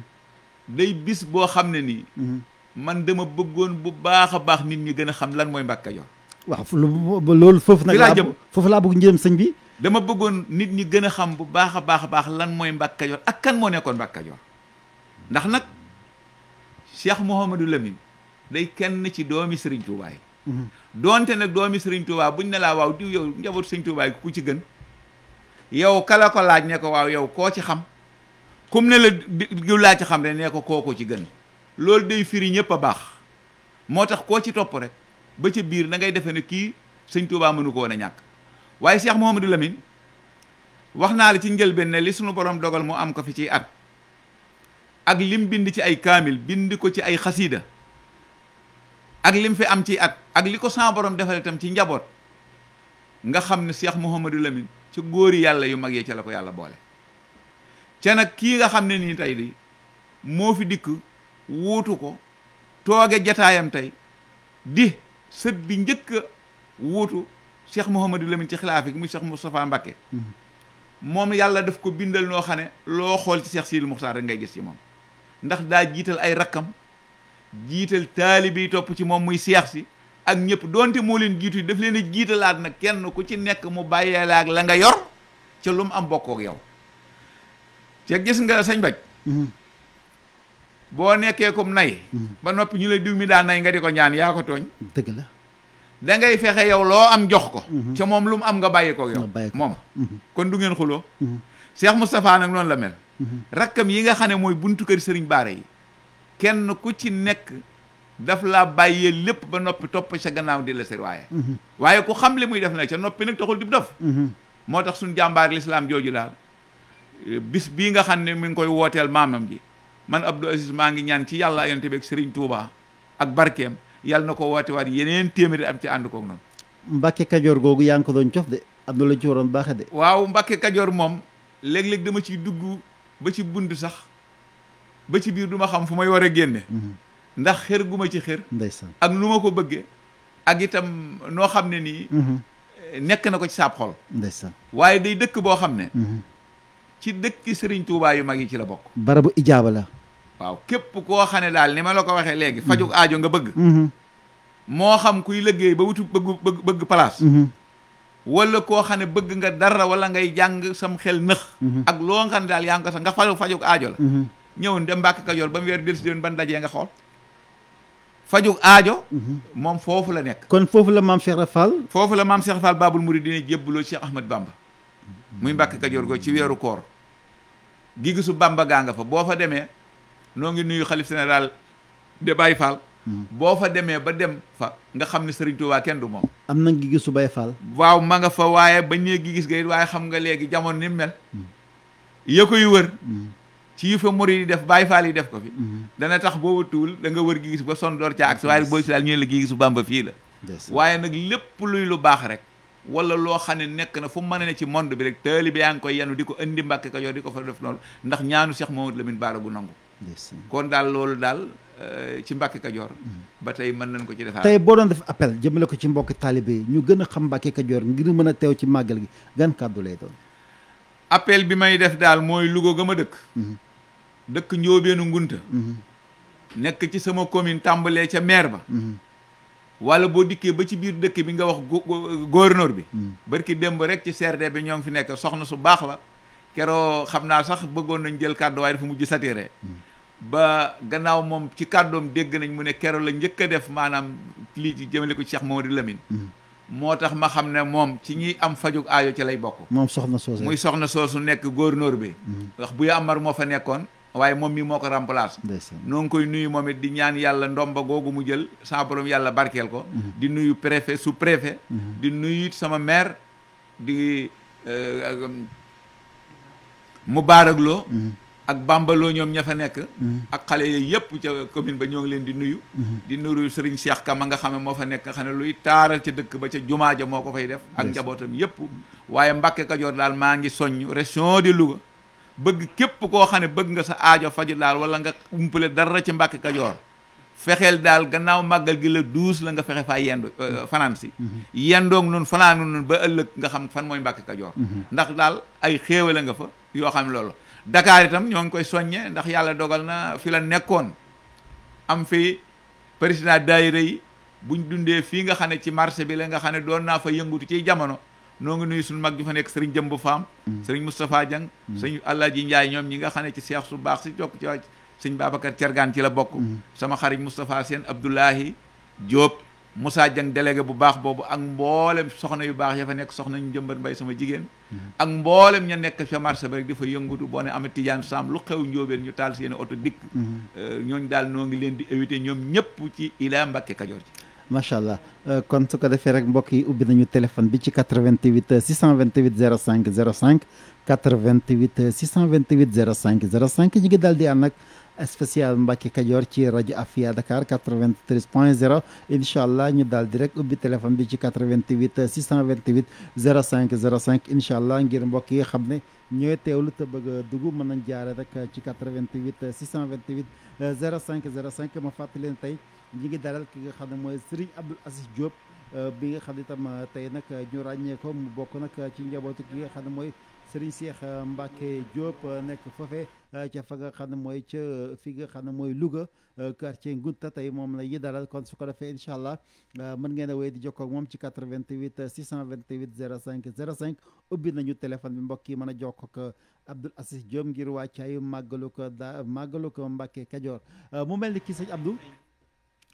B: day bis boo xam ne nii mhm. man dama bëggoon bu baax a baax nit ñi gën a xam lan mooy Mbàkke Kajoor
A: waaw loolu foofu nag laa jëm foofu laa bëgg njëm sëñ bi
B: dama bëggoon nit ñi gën a xam bu baax a baax a baax lan mooy Mbàkke Kajoor ak kan moo nekkoon Mbàkke Kajoor ndax nag Cheikh Mouhamadou Lamine day kenn ci doomi Serigne Touba doonte donte nag doomi Serigne Touba buñ ne laa waaw diw yow njabootu Serigne Touba ku ci gën yow kala laaj ne ko waaw yow koo ci xam kum ne la diw laa ci xam rek ne ko kooko ci gën loolu dey firi ñëpp a baax moo tax koo ci topp rek ba ca biir da ngay defe ne kii sëñ Tuubaa mënu ko woon ñàkk waaye Cheikh Mouhamadou Lamine wax naa la ci njëlbeen ne li sunu borom dogal mu am ko fi ciy at ak lim bind ci ay kaamil bind ko ci ay xasiida ak lim fi am ci at ak li ko sa borom defal itam ci njaboot nga xam ne Cheikh Mouhamadou Lamine ca góori yàlla yu mag yee ca la ko yàlla boole ca nag kii nga xam ne nii tey di moo fi dikk wuutu ko tooge jataayam tey di sët bi njëkk a wuutu Cheikh Mouhamadou Lamine ci xilaaf gi muy Cheikh Moustapha Mbacké mhm. moom yàlla daf ko bindal noo xam ne loo xool ci Cheikh Sidil Muxtaar rek ngay gis ci moom ndax daa jiital ay rakkam jiital taalibi topp ci moom muy seex si ak ñëpp donte moo leen jiitu daf leen a jiitalaat na kenn ku ci nekk mu bàyyee la ak la nga yor ca lu mu am bokkook yow ca gis nga sañ baj mm-hmm. boo nekkee comme nay mm-hmm. ba noppi ñu lay diw mi daa nay nga di ko ñaan yaa ko tooñ dëgg la fexe yow loo am jox ko mm-hmm. ca moom lu mu am nga bàyyi ko yow moom kon du ngeen xuloo Cheikh Moustapha nag noonu la mel rakkam yi nga xam ne mooy buntu kër sëriñ baare yi kenn ku ci nekk daf laa bàyyee lépp ba noppi topp ca gannaaw di la sër waaye waaye ku xam li muy def na ca noppi nag taxul dib dof moo tax suñ jàmbaar lislaam jooju daal bis bii nga xam ne mi ngi koy wooteel maamam gi man Abdou Aziz maa ngi ñaan ci yàlla yonent bi ak Serigne Touba ak barkeem yàlla na ko wootewaat yeneen téeméeri am ci ànd koog noonu.
A: Mbacke Kajoor googu yaa ngi ko doon cof de am na la ci waroon baaxe de.
B: waaw Mbacke Kajoor moom léeg-léeg dama ciy dugg ba ci bund sax ba ci biir du ma xam fu may war a génne. Mhm. ndax xër gu ma ci xër ndeysaan ak lu ma ko bëggee ak itam noo xam ne nii mhm. nekk na ko ci saab xol waaye day dëkk boo xam ne mhm. ci dëkki sëriñ Touba yu mag yi ci la bokk
A: barabu ijaaba
B: waaw képp koo xam ne daal ni ma la ko waxee léegi fajuk mhm. aajo nga bëgg moo xam kuy liggéey ba wutu bëgg bëgg bëgg place koo xam ne bëgg nga dara wala ngay jàng sam xel nëx ak loo nga xam ne daal yaa ngi ko sax nga falu fajuk aajo la ñëwoon dem Mbàkke Kajoor ba mu weer delsi doon ban dajee nga xool fajug aajo. Mhm. moom foofu la nekk. kon foofu la maam Cheikh Rafal. foofu la maam Cheikh Rafal Baabul Muridiin jébbaloo Cheikh Ahmad Bamba. muy Mbàkke Kajoor go ci weeru koor. gi gisu Bamba gaa nga fa boo fa demee noo ngi nuyu xalif général de Baye Fall. Mhm. boo fa demee ba dem fa nga xam ne Serigne Touba kenn du moom.
A: am na gi gisu Baye Fall.
B: waaw ma nga fa waaye bañ nee gi gis ga waaye xam nga léegi jamono ni mel. Mhm. ya koy wër. ci yu fa mori yi def bàyyi faal yi def ko fi mhm. dana tax booba tuul da nga wër gi gisu ba son door ca ak si waaye booy si daal ñu ne la gi gisu bàmba fii la waaye nag lépp luy lu baax rek wala loo xam ne nekk na fu mën a ne ci monde bi rek taalibe yaa ngi koy yenu di ko indi mbàkke ka yor di ko fa def loolu ndax ñaanu Cheikh Mamadou Lamine Bara gu nangu kon daal loolu daal eh, ci Mbàkke Kajoor mhm. ba tey mën nañ ko ci defaat tey boo
A: doon def appel jëmale ko ci mbokki taalibe yi ñu gën a xam Mbàkke Kajoor mën a teew ci màggal gi gan kàddu
B: lay doon bi may def daal mooy Louga ga ma dëkk mhm. dëkk Njóobeenu Ngunta mhm. nekk ci sama commune tàmbalee ca maire ba mhm. wala boo dikkee ba ci biir dëkk bi nga wax gouverneur bi mhm. barki démb rek ci CRD bi ñoo ngi fi nekk soxna su baax la kero xam naa sax bëggoon nañ jël kàddu waaye dafa mujj satiré ba gannaaw moom ci kàddoom dégg nañ mu ne kero la njëkk a def maanaam lii ci jëmale ko ci Cheikh di Lamine moo tax ma xam ne moom ci ñi am fajug aajo ci lay bokk
A: moom soxna soosu muy
B: soxna soosu nekk gouverneur bi wax moo fa nekkoon waaye moom mii moo ko remplace noo ngi koy nuyu moom it di ñaan yàlla ndomba googu mu jël sa borom yàlla barkeel ko mhm. di nuyu préfet su préfet mhm. di nuyu it sama maire di euh, euh, Moubarak mhm. ak bambaloo ñoom ña fa nekk ak xale yooyu yëpp ca commune ba ñoo ngi leen di nuyu di nuyu Serigne Cheikh Kama nga xam ne moo fa nekk nga xam ne luy taaral ca dëkk ba ca jumaa ja moo ko fay def ak njabootam yëpp waaye Mbàkke Kajoor daal maa ngi soññ région di Louga bëgg képp koo xam ne bëgg nga sa aajo faju daal wala nga umpale dara ci Mbàkke Kajoor fexeel daal gannaaw màggal gi la douze la nga fexe faa yendu euh, mm-hmm. fanaan si mm-hmm. yendoog noonu fanaanu noonu ba ëllëg nga xam fan mooy Mbàkke Kajoor mm-hmm. ndax daal ay xéewale nga fa yoo xam ne loolu Dakar itam ñoo ngi koy soññe ndax yàlla dogal na fi la nekkoon am fi président daayira yi buñ dundee fii nga xam ne ci marché bi la nga xam ne doon naa fa yëngutu ci jamono noo ngi nuyu suñ mag ju fa nekk sëriñ Jëmb Faam mm-hmm. sëriñ Moustapha Diang mm-hmm. sëriñ Alaaji Njaay ñoom ñi nga xam ne ci seex su baax si jokk ci wàcc sëriñ Babacar Cergaan ci la bokk mm-hmm. sama xarit Moustapha Seen Abdoulahi Diop Moussa Diang délégué bu baax boobu ak mboolem soxna yu baax ya fa nekk soxna ñu jëmbat mbay sama jigéen ak mboolem ña nekk ca marché ba rek dafa yëngutu boo ne amee Tijaan Sam lu xew njóobeen ñu taal seen oto dikk euh, ñooñ daal noo ngi leen di éviter ñoom ñëpp ci ilaa Mbàkke Kajoor ci
A: macha allah euh, kon su ko defee rek mbokk yi ubbi nañu téléphone bi ci 88 628 05 05 88 628 05 05 ñu ngi daal di ànd ak spécial Mbacke Kajoor ci rajo Afia Dakar 93 point 0 incha allah ñu daal di rek ubbi téléphone bi ci 88 628 05 05 incha allah ngir mbokk yi xam ne ñu ñooy teewlu te bëgg a dugg mën nañ jaare rek ci 88 628 05 05 ma fàttali leen tey. ñi dalal ki nga xam ne mooy Serigne Abdoul Aziz Diop euh, bi nga xam ne itam euh, tey nag ñu ràññee ko mu nag euh, ci njaboot ki nga xam ne mooy Serigne Cheikh Mbacke Diop nekk foofee ca fa nga xam ne mooy ca fi nga xam ne mooy Louga quartier Ngunta tey moom na yi dalal kon su ko defee incha allah mën ngeen a wéy di jokkoo ak moom ci 88 628 05 05 ubbi nañu téléphone bi mbokk yi mën a jokkoo ak Abdoul Aziz Diop ngir wàccaayu màggalu ko daa màggalu ko Mbacke Kajoor mu mel ni kii sëñ Abdou.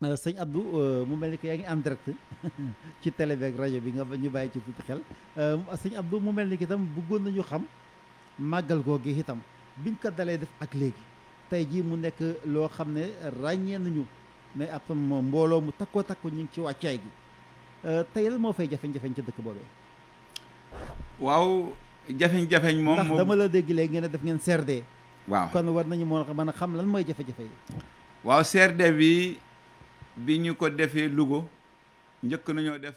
A: Euh, sëñ Abdou euh, mu mel ni que yaa ngi en direct ci télé bi ak rajo bi nga ñu bàyyi ci tuuti xel euh, sëñ Abdou mu mel ni que itam bëggoon nañu xam màggal koo googu itam biñ ko dalee def ak léegi tey jii mu nekk loo xam ne ràññee nañu ne ab mbooloo mu takkoo takku ñu ngi ci wàccaay gi tey lan moo fay jafeñ-jafeñ ca dëkk boobee.
B: waaw jafeñ-jafeñ moom ndax dama la
A: dégg léegi ngeen def ngeen CRD. waaw kon war nañu moo mën a xam lan mooy jafe-jafe yi.
B: waaw CRD bi. bi ñu ko defee Louga njëkk nañoo def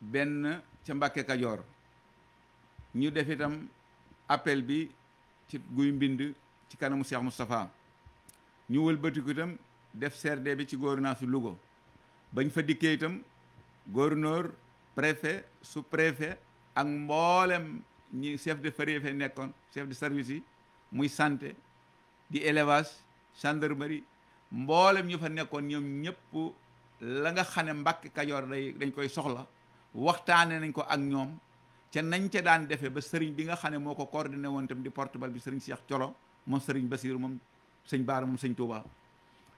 B: benn ca Mbàkke Kajoor ñu def itam appel bi ci guy mbind ci kanamu Cheikh Moustapha ñu wëlbatiku itam def CRD bi ci gouvernance su Louga bañ fa dikkee itam gouverneur préfet su préfet ak mboolem ñi chef de farié nekkoon chef de service yi muy santé di élevage gendarmerie mboolem ñu fa nekkoon ñoom ñëpp la nga xam ne mbakk Kajoor day dañ koy soxla waxtaane nañ ko ak ñoom ca nañ ca daan defee ba sëriñ bi nga xam ne moo ko coordonné woon tam di portable bi sëriñ Cheikh Coro moom sëriñ Basiir moom sëñ Baara moom sëñ Touba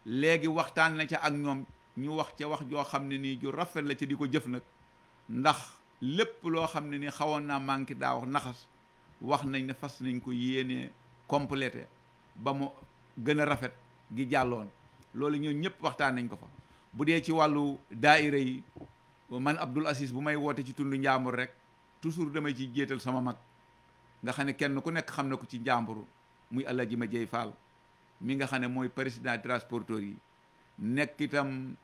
B: léegi waxtaan na ca ak ñoom ñu wax ca wax joo xam ne nii ju rafet la ci di ko jëf nag ndax lépp loo xam ne nii xawoon naa manqué daa wax naxas wax nañ ne fas nañ ko yéenee complété ba mu gën a rafet gi jàlloon loolu ñoo ñëpp waxtaan nañ ko fa bu dee ci wàllu daa daaira yi man Abdoul Aziz bu may woote ci tund njaambur rek toujours damay ci jéetal sama mag nga xam ne kenn ku nekk xam ne ko ci njaambur muy Alaaji ma jey Fall mi nga xam ne mooy président transporteur yi nekk itam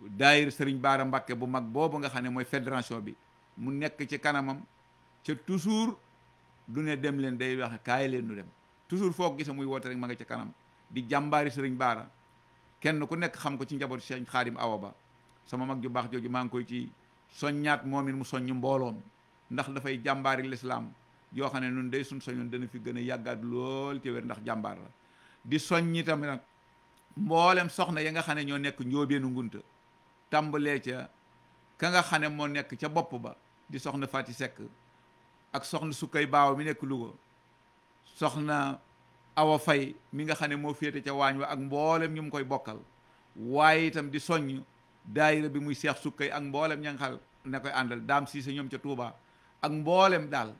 B: daa ir Sëriñ Baara Mbàkke bu mag boobu nga xam ne mooy fédération bi mu nekk ci kanamam ca toujours du ne dem leen day wax kaay leen nu dem toujours foo gisa muy woote rek ma nga ca kanam di jàmbaari Sëriñ Baara kenn ku nekk xam ko ci njabootu Cheikh xaarim Awa Ba sama mag ju baax jooju maa ngi koy ci soññaat moom it mu soññ mbooloom ndax dafay jàmbaari lislaam yoo xam ne nun day suñ soñoon dana fi gën a yàggaat lool ci wér ndax jàmbaar la di soññ itam nag mboolem soxna ya nga xam ne ñoo nekk njóobeenu ngunta tàmbalee ca ka nga xam ne moo nekk ca bopp ba di soxna Fati sekk ak soxna sukkay baaw mi nekk Louga soxna awa fay mi nga xam ne moo féete ca waañ wa ak mbooleem ñu mu koy bokkal waaye itam di soññ daayira bi muy seex sukkay ak mboolem ña nga xam ne koy àndal daam siise ñoom ca Touba ak mbooleem daal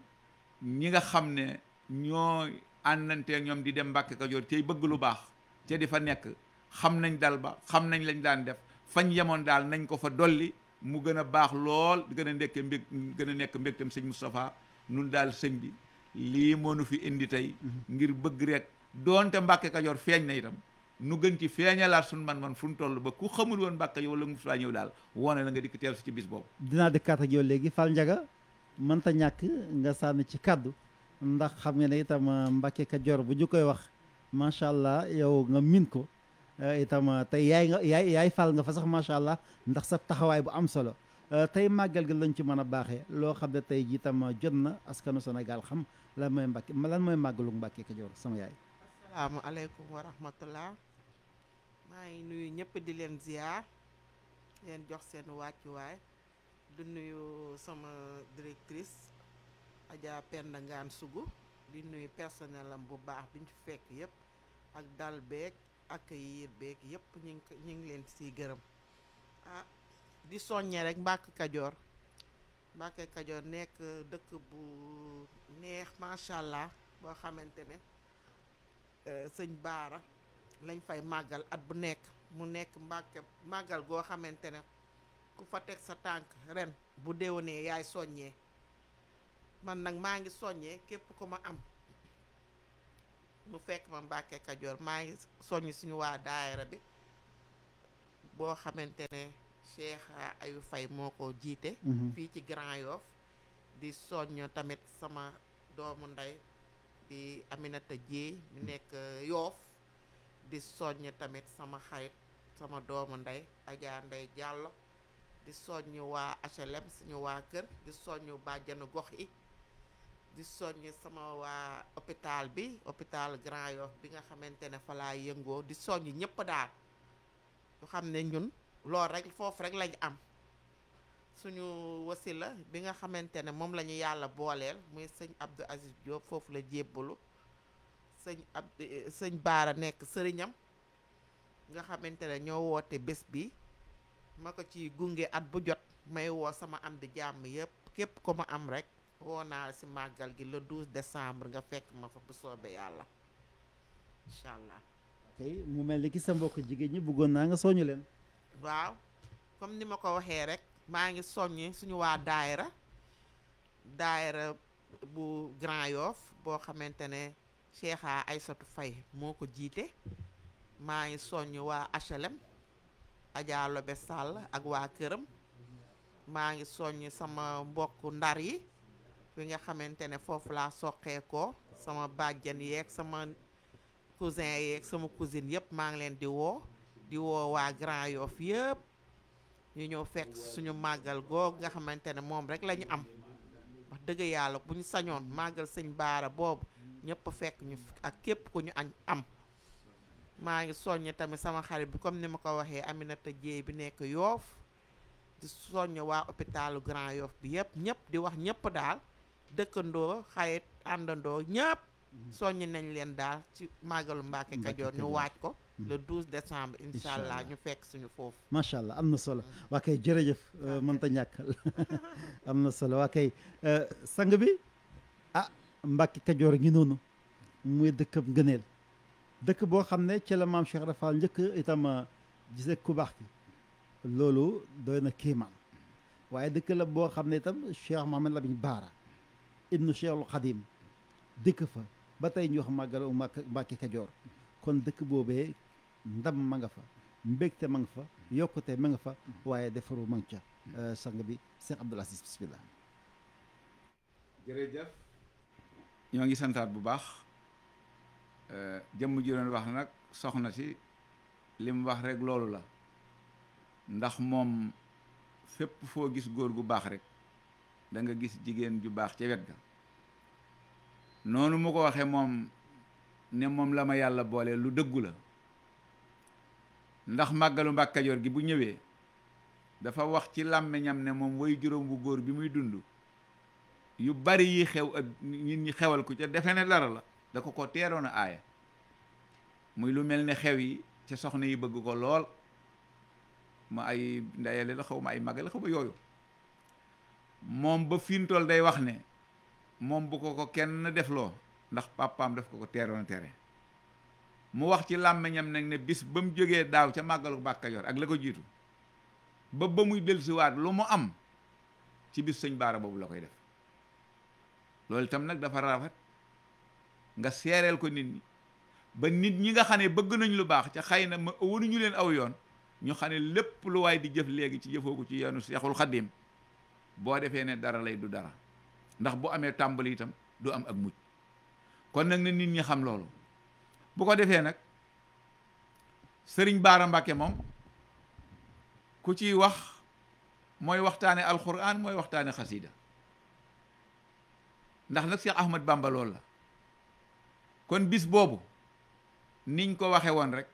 B: ñi nga xam ne ñoo àndanteeg ñoom di dem Mbàkke Kajoor cay bëgg lu baax ca di fa nekk xam nañ dal ba xam nañ lañ daan def fañ yemoon daal nañ ko fa dolli mu gën a baax lool gën a nekk mbég gën a nekk mbégtam sëñ Moustapha nun daal sëñ bi lii moonu fi indi tey mhm. ngir bëgg rek doonte Mbàkke Kajoor feeñ na itam nu gën ci feeñalaat suñu man-man fu ñu toll ba ku xamul woon Mbàkke yow la mu faa ñëw daal wone la nga dikk teew si ci bis
A: dinaa dëkkaat léegi Fall Ndiaga mënta ñàkk nga sànni ci kàddu ndax xam nga ne itam euh, Mbàkke Kajoor bu ñu koy wax macha allah yow nga miin ko euh, itam euh, tey yaay nga yaay yaay Fall nga fa sax macha allah ndax sa taxawaay bu am solo tey màggal gi lañ ci mën a baaxee loo xam ne tey jii itam jot na askanu Sénégal xam lan mooy Mbacke lan mooy màggalu Mbacke Kajoor sama yaay.
D: asalaamaaleykum wa rahmatullah maa ngi nuyu ñëpp di leen ziar leen jox seen wàccuwaay du nuyu sama directrice Adja Penda Ngaan Sugu nuyu personnel am bu baax biñ fi fekk yëpp ak dal beeg ak yiir beeg yëpp ñu ngi ñu ngi leen siy gërëm ah di soññe rek Mbacke Kajoor. Mbacke Kajoor nekk dëkk bu neex macha allah boo xamante ne euh, sëñ Baara lañ fay màggal at bu nekk mu nekk Mbacke màggal goo xamante ne ku fa teg sa tànk ren bu déwénee yaay soññee man nag maa ngi soññee képp ku ma am mu fekk ma Mbacke Kajoor maa ngi soññ suñu waa daayira bi boo xamante ne. Cheikh Ayu Faye moo ko jiite mhm. fii ci Grand Yoff di soññ tamit sama doomu ndey di Aminata Dieye ñu mhm. nekk euh, Yoff di soññ tamit sama xarit sama doomu ndey Adja Ndey Diallo di soññ waa HLM suñu waa kër di soññ bàjjanu gox yi di soññ sama waa hôpital bi hôpital Grand Yoff bi nga xamante ne fa laa yëngoo di soññ ñëpp daal ñu xam ne ñun loolu rek foofu rek lañ am suñu wasila bi nga xamante ne moom la yàlla booleel muy sëñ Abdou Aziz Diop foofu la jébbalu sëñ ab eh, eh, sëñ Baara nekk sëriñam nga xamante ne ñoo woote bés bi ma ko ci gunge at bu jot may woo sama ànd jàmm yëpp képp ko ma am rek woo naa si màggal gi le 12 décembre nga fekk ma fa bu soobee yàlla incha allah.
A: mu mel ni gis sa mbokk jigéen ñi buggoon naa nga soñu leen.
D: waaw comme ni ma ko waxee rek maa ngi soññi suñu waa daayira daayira bu Grand Yoff boo xamante ne Cheikha Aysatu Faye moo ko jiite maa ngi soññ waa HLM Adja Lobe sàll ak waa këram maa ngi soññ sama mbokk ndar yi fi nga xamante ne foofu laa soqeekoo sama bàjjan yeeg sama cousin yeeg sama cousine yëpp maa ngi leen di woo di woo waa Grand Yoff yëpp ñu ñëw fekk suñu màggal googu nga xamante ne moom rek lañu am wax dëgg yàlla bu ñu sañoon màggal sëñ baara boobu ñépp fekk ñu ak képp ku ñu añ am maa ngi soññ tamit sama xarit bi comme ni ma ko waxee Aminata Jéey bi nekk yoof di soññ waa hôpitalu Grand yoof bi yëpp ñëpp di wax ñëpp daal dëkkandoo xarit àndandoo ñëpp mm-hmm. soññ nañ leen daal ci màggalu Mbàkke Kajoor ñu waaj ko le 12 décembre incha allah fekk suñu foofu
A: macha allah mm-hmm. euh, am na solo waa kay jërëjëf mënta ñàkk am na solo waa kay sang bi ah Mbàkke Kajoor ngi noonu muy dëkkam ngëneel dëkk boo xam ne ci la maam Cheikh Rafal njëkk itam euh, gisee ku baax ki loolu doy na kiimaan waaye dëkk la boo xam ne itam Cheikh Mohamed Lamine Baara ibnu Cheikhul Xadim dëkk fa ba tey ñu wax màggalu Mbàkke Kajoor kon dëkk boobee ndam ma nga fa mbégte ma nga fa yokkute ma nga fa waaye defaru ca euh, sang bi Cheikh Abdoul Aziz bismillah
B: jërëjëf ñoo ngi santaat bu baax euh, jëmm ji doon wax nag soxna si li mu wax rek loolu la ndax moom fépp foo gis góor gu baax rek danga gis jigéen ju baax ca wet ga noonu mu ko waxee moom ne moom la ma yàlla boole lu dëggu la ndax màggalu Mbàkke Kajoor gi bu ñëwee dafa wax ci làmmiñam ne moom way juróom bu góor bi muy dund yu bari yi xew ak nit ñi xewal ko ca defe ne dara la da ko ko teeroon a aaya muy lu mel ne xew yi ca soxna yi bëgg ko lool ma ay ndayale la xaw ma ay màggale xaw ma yooyu moom ba fiintool day wax ne moom bu ko kenn kenn defloo ndax papaam daf ko ko teeroon tere mu wax ci làmmiñam nag ne bis ba mu jógee daaw ca màggalu Mbàkke Kajoor ak la ko jiitu ba ba muy dellusiwaat lu mu am ci bis sëñ baara boobu la koy def loolu itam nag dafa rafet nga seereel ko nit ñi ba nit ñi nga xam ne bëgg nañ lu baax ca xëy na ma wanuñu leen aw yoon ñu xam ne lépp lu waay di jëf léegi ci jëfoo ko ci yoonu Seexul Xaddim boo defee ne dara lay du dara ndax bu amee tàmbali itam du am ak mujj kon nag na nit ñi xam loolu bu ko defee nag sëriñ Baara Mbàkke moom ku ciy wax mooy waxtaane alquran mooy waxtaane xasida ndax nag Cheikh Ahmad Bamba la kon bis boobu niñ ko waxe woon rek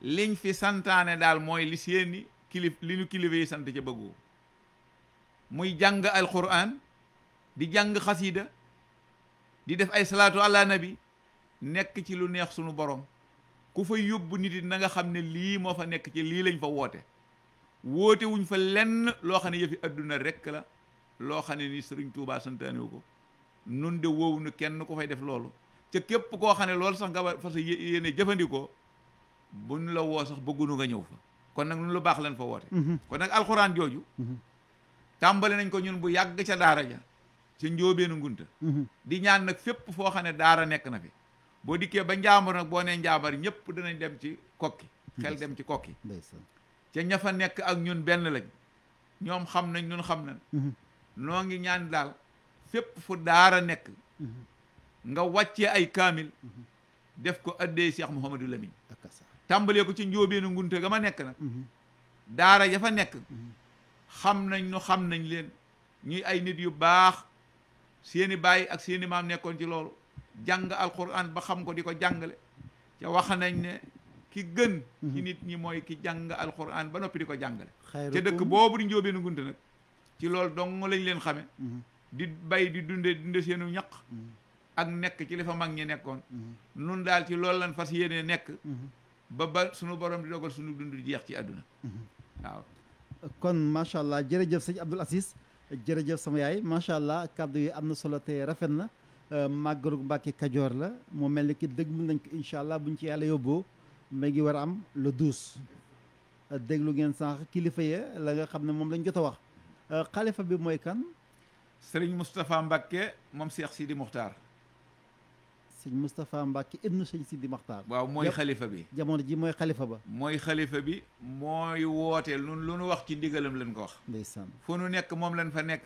B: liñ fi santaane daal mooy li seeni kilif li ñu kilifa yi sant ci bëggu muy jàng alquran di jàng xasida di def ay salaatu ala nabi nekk ci lu neex sunu borom ku fa yóbbu nit yi nanga xam ne lii moo fa nekk ci lii lañ fa woote woote fa lenn loo xam ne yëfi adduna rekk la loo xam ne ni sëriñ Tuubaa santaane ko nun de woowu nu kenn ku fay def loolu ca képp koo xam ne loolu sax nga fa sa yéene jëfandikoo buñ la woo sax bëggunu nga ñëw fa kon nag nun lu baax lañ fa woote mm-hmm. kon nag alxuraan jooju mm-hmm. tàmbali nañ ko ñun bu yàgg ca daara ja ca njóobeenu ngunta mm-hmm. di ñaan nag fépp xam ne daara nekk na boo dikkee ba njaambur nag boo nee njaambar ñëpp danañ dem ci kokki dem ci kokki ca ña fa nekk ak ñun benn lañ ñoom xam nañ ñun xam nañ mhm. noo ngi ñaan daal fépp fu daara nekk mhm. nga wàccee ay kaamil mhm. def ko addee Cheikh Mouhamadou Lamine tàmbalee ko ci njóobeenu ngunte ga ma nekk nag daara ya fa nekk xam nañ nu xam nañ leen ñuy ay nit yu baax seeni baay ak seeni maam nekkoon ci loolu jàng alquran ba xam ko di ko jàngale ca wax nañ ne ki gën mhm. ci nit ñi mooy ki jàng alquran ba noppi di ko jàngale
C: ca dëkk boobu di
B: njóobeenu ngunte nag ci loolu dong lañ leen xame mhm. di bay di dunde dunde seenu ñaq mhm. ak nekk ci li fa mag ñi nekkoon nun daal ci loolu lan fas yéenee nekk ba ba sunu borom di dogal sunu dund jeex ci àdduna waaw
A: kon macha allah jërëjëf sëñ Abdul Aziz jërëjëf sama yaay macha allah kàddu yi am na solo te rafet na Euh, màggalu Mbàkke Kajoor la moo mel ni ki dëgg mu nañ ko incha allah buñ ci yàlla yóbboo ma ngi war a am le douze. Euh, déglu ngeen sànq kilifa ya la nga xam ne moom lañ jot a wax euh, xalifa bi mooy kan.
B: sëriñ Moustapha Mbacke moom Cheikh Sidi Mokhtar.
A: sëñ Moustapha Mbacke ibnu sëñ Sidi Mokhtar. waaw mooy xalifa bi. jamono ji mooy xalifa ba.
B: mooy xalifa bi mooy wootee lu lu nu wax ci ndigalam lañ ko wax. ndeysaan fu nu nekk moom lañ fa nekk.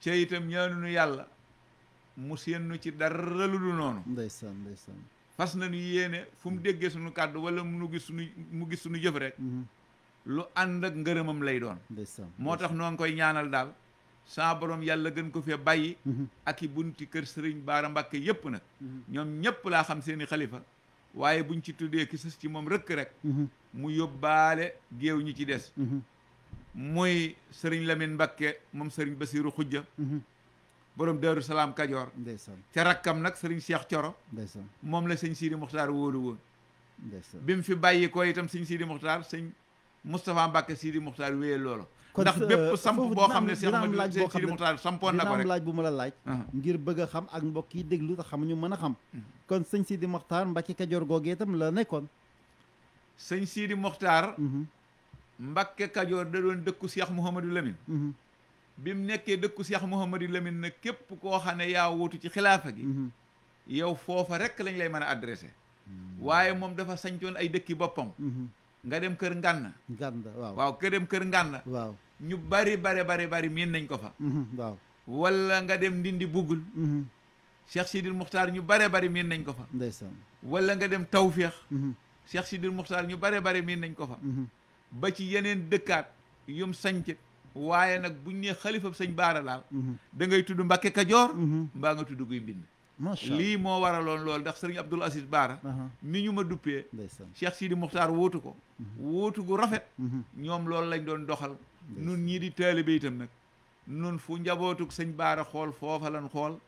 B: ca itam ñaanu nu yàlla. mu séennu ci dara lu dul noonu ndeysaan ndeysaan fas nañu yéene fu mu déggee suñu kàddu wala mu gis suñu mu gis suñu jëf rek mm-hmm. lu ànd ak ngërëmam lay doon moo tax noo ngi koy ñaanal daal saa borom yàlla gën ko fee bàyyi mm-hmm. ak i bunti kër sëriñ Baara Mbàkke yépp nag mm-hmm. ñoom ñépp laa xam seeni xalifa waaye buñ ci tuddee ki ci moom rëkk rek mu yóbbaale géew ñu ci des mooy sëriñ Lamine Mbàkke moom sëriñ Basiiru Xujja borom Daaru Salaam Kajoor. ndeysaan ca rakkam nag sëriñ Cheikh Coro. ndeysaan moom la sëñ Sidi Muxtaar wóolu woon. bi mu fi bàyyi ko itam sëñ Sidi Muxtaar sëñ Moustapha Mbacke Sidi Muxtaar wéyee loolu. ndax bépp samp boo xam ne Cheikh Mouhamed Sidi Muxtaar sampoon na ko rek laaj
A: bu ma la laaj. ngir bëgg a xam ak mbokk yi déglu te xamuñu mën a xam. Mhm. kon sëñ Sidi Muxtaar Mbacke Kajoor googee itam la nekkoon.
B: sëñ Sidi Muxtaar. Mhm. Mbacke Kajoor da doon dëkku Cheikh Mouhamadou Lamine mhm. bi mu nekkee dëkku Cheikh Mouhamadou Lamine nag képp koo xam ne yaa wutu ci xilaafa gi mhm. yow foofa rek lañ lay mën a adressé
C: mhm. waaye
B: moom dafa sañcoon ay dëkki boppam mhm. nga dem kër ngànn ngànn waaw waaw dem kër ngànn waaw ñu bari bare bari bari miin nañ ko fa waaw nga dem ndindi buggul Cheikh Sidil Muxtaar ñu bare bari miin nañ ko fa ndeysaan wala nga dem tawféex Cheikh Sidil Muxtaar ñu bare bari miin nañ ko fa ba ci yeneen dëkkaat yum sañc waaye nag buñ ne xalifa sëñ baara laal mhm. da ngay tudd Mbàkke Kajoor mhm. mbaa nga tudd guy mbind lii moo waraloon lool ndax sëriñ Abdul Aziz Baara ni ñu ma duppee Cheikh Sidi Muxtaar wóotu ko mhm. wóotu gu rafet ñoom loolu lañ doon doxal nun ñii di taalibe itam nag nun fu njabootug sëñ Baara xool foofa lan xool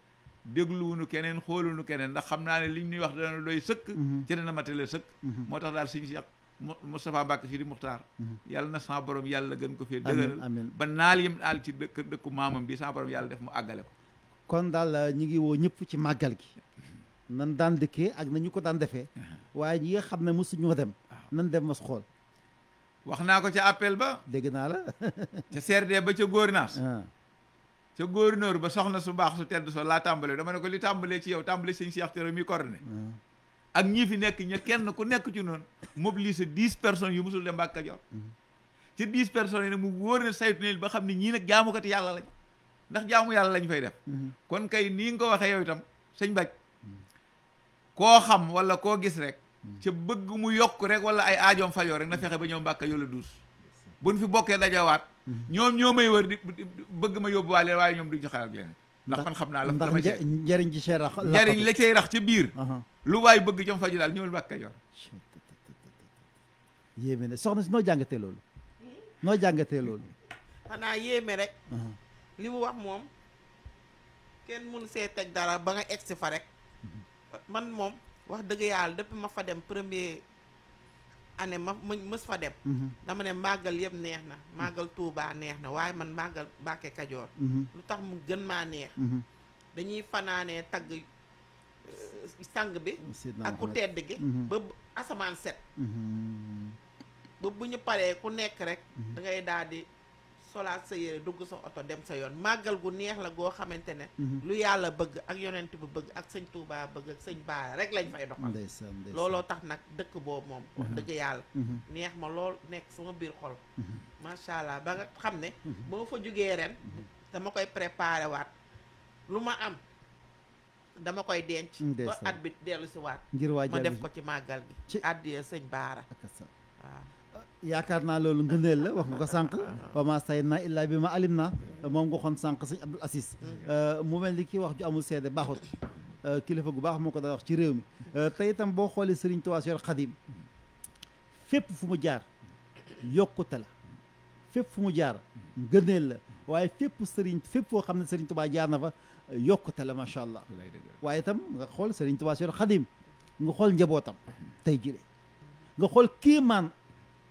B: dégluwunu keneen xoolunu keneen ndax xam naa ne liñ ñuy wax dana doy sëkk ci dana matale sëkk moo tax daal sëñ Cheikh Moustapha Mbacke Sidi Muxtaar mhm. yàlla na saa boroom yàlla gën ko fee dëgëral ba naal yim naal ci dëkk dëkku maamam bi sa borom yàlla def mu àggale ko
A: kon daal euh, ñi ngi woo ñëpp ci màggal gi nan daan dëkkee ak nañu ko daan defee waaye ñi nga xam ne mosuñoo dem nan dem mos xool wax naa ko
B: ca appel ba dégg naa la ca CRD ba ca gouvernance ah. ca gouverneur ba soxna su baax su tedd so laa tàmbalee dama ne ko li tàmbalee ci yow tàmbalee sëñ Cheikh Thioro mi ak ñii fi nekk ña kenn ku nekk ci noonu mobiliser dix personnes yu musul dem Mbàkke Kajoor ci dix personnes yi nag mu wóor ne saytu ne ba xam ne ñii nag jaamukati yàlla lañ ndax jaamu yàlla lañ fay def mhm. kon kay nii nga ko waxee yow itam sañ Bac koo xam wala koo gis rek mhm. ca bëgg mu yokk rek wala ay aajoom fajoo rek na fexe ba ñëw Mbàkke Kajoor la duus buñ fi bokkee dajawaat mhm. ñoom ñoo may wër bëgg ma yóbbuwaale waaye ñoom duñ ci xalaat leneen ndax man xam naa la njëriñ
A: ci rax njëriñ la
B: cay rax ci biir lu waay bëgg jëm faju daal ñëwal Mbàkke Kajoor
A: yéeme ne soxna si noo jàngatee loolu noo jàngatee loolu
D: xanaa yéeme rek uh-huh. li mu wax moom kenn mënu see taj dara ba nga egsi fa rek uh-huh. man moom wax dëgg yàlla depuis ma fa dem premier année ma ma mës fa dem uh-huh. dama ne màggal yëpp neex na màggal Tuubaa neex na waaye man màggal Mbàkke Kajoor lu tax mu gën maa neex dañuy fanaanee tagg sang bi ak ku tedd gi mhm. ba asamaan set
C: mhm.
D: ba bu ñu paree ku nekk rek mhm. da ngay daal di solaat sa yére dugg sa oto dem sa yoon màggal gu neex la goo xamante ne lu yàlla bëgg ak yonent bu bëgg ak sëñ tuubaa bëgg ak sëñ Baara rek lañ fay doxal looloo tax nag dëkk boobu moom wax dëgg yàlla neex ma lool nekk sama biir xol macha allah ba nga xam ne boo fa jógee ren dama koy préparé lu ma am dama koy denc ba at bi dellu si waat ngir waajal ma def ko ci màggal gi ci àddiyee sëñ baara waaw
A: yaakaar naa loolu ngëneel la wax nga ko sànq ma say na illaa bi ma alim na moom nga xoon sànq sëñ Abdul Asis mm-hmm. mu mel ni ki wax ju amul seede baaxut kilifa gu baax moo ko daan wax ci réew mi tey itam boo xoolee sëriñ Tuubaa Seex Xaadim fépp fu mu jaar yokkute la fépp fu mu jaar ngëneel la waaye fépp sëriñ fépp foo xam ne sëriñ tubaa jaar na fa yokkute la macha allah waaye itam nga xool seriñ Touba Seex Xadim nga xool njabootam tey jile nga xool kiimaan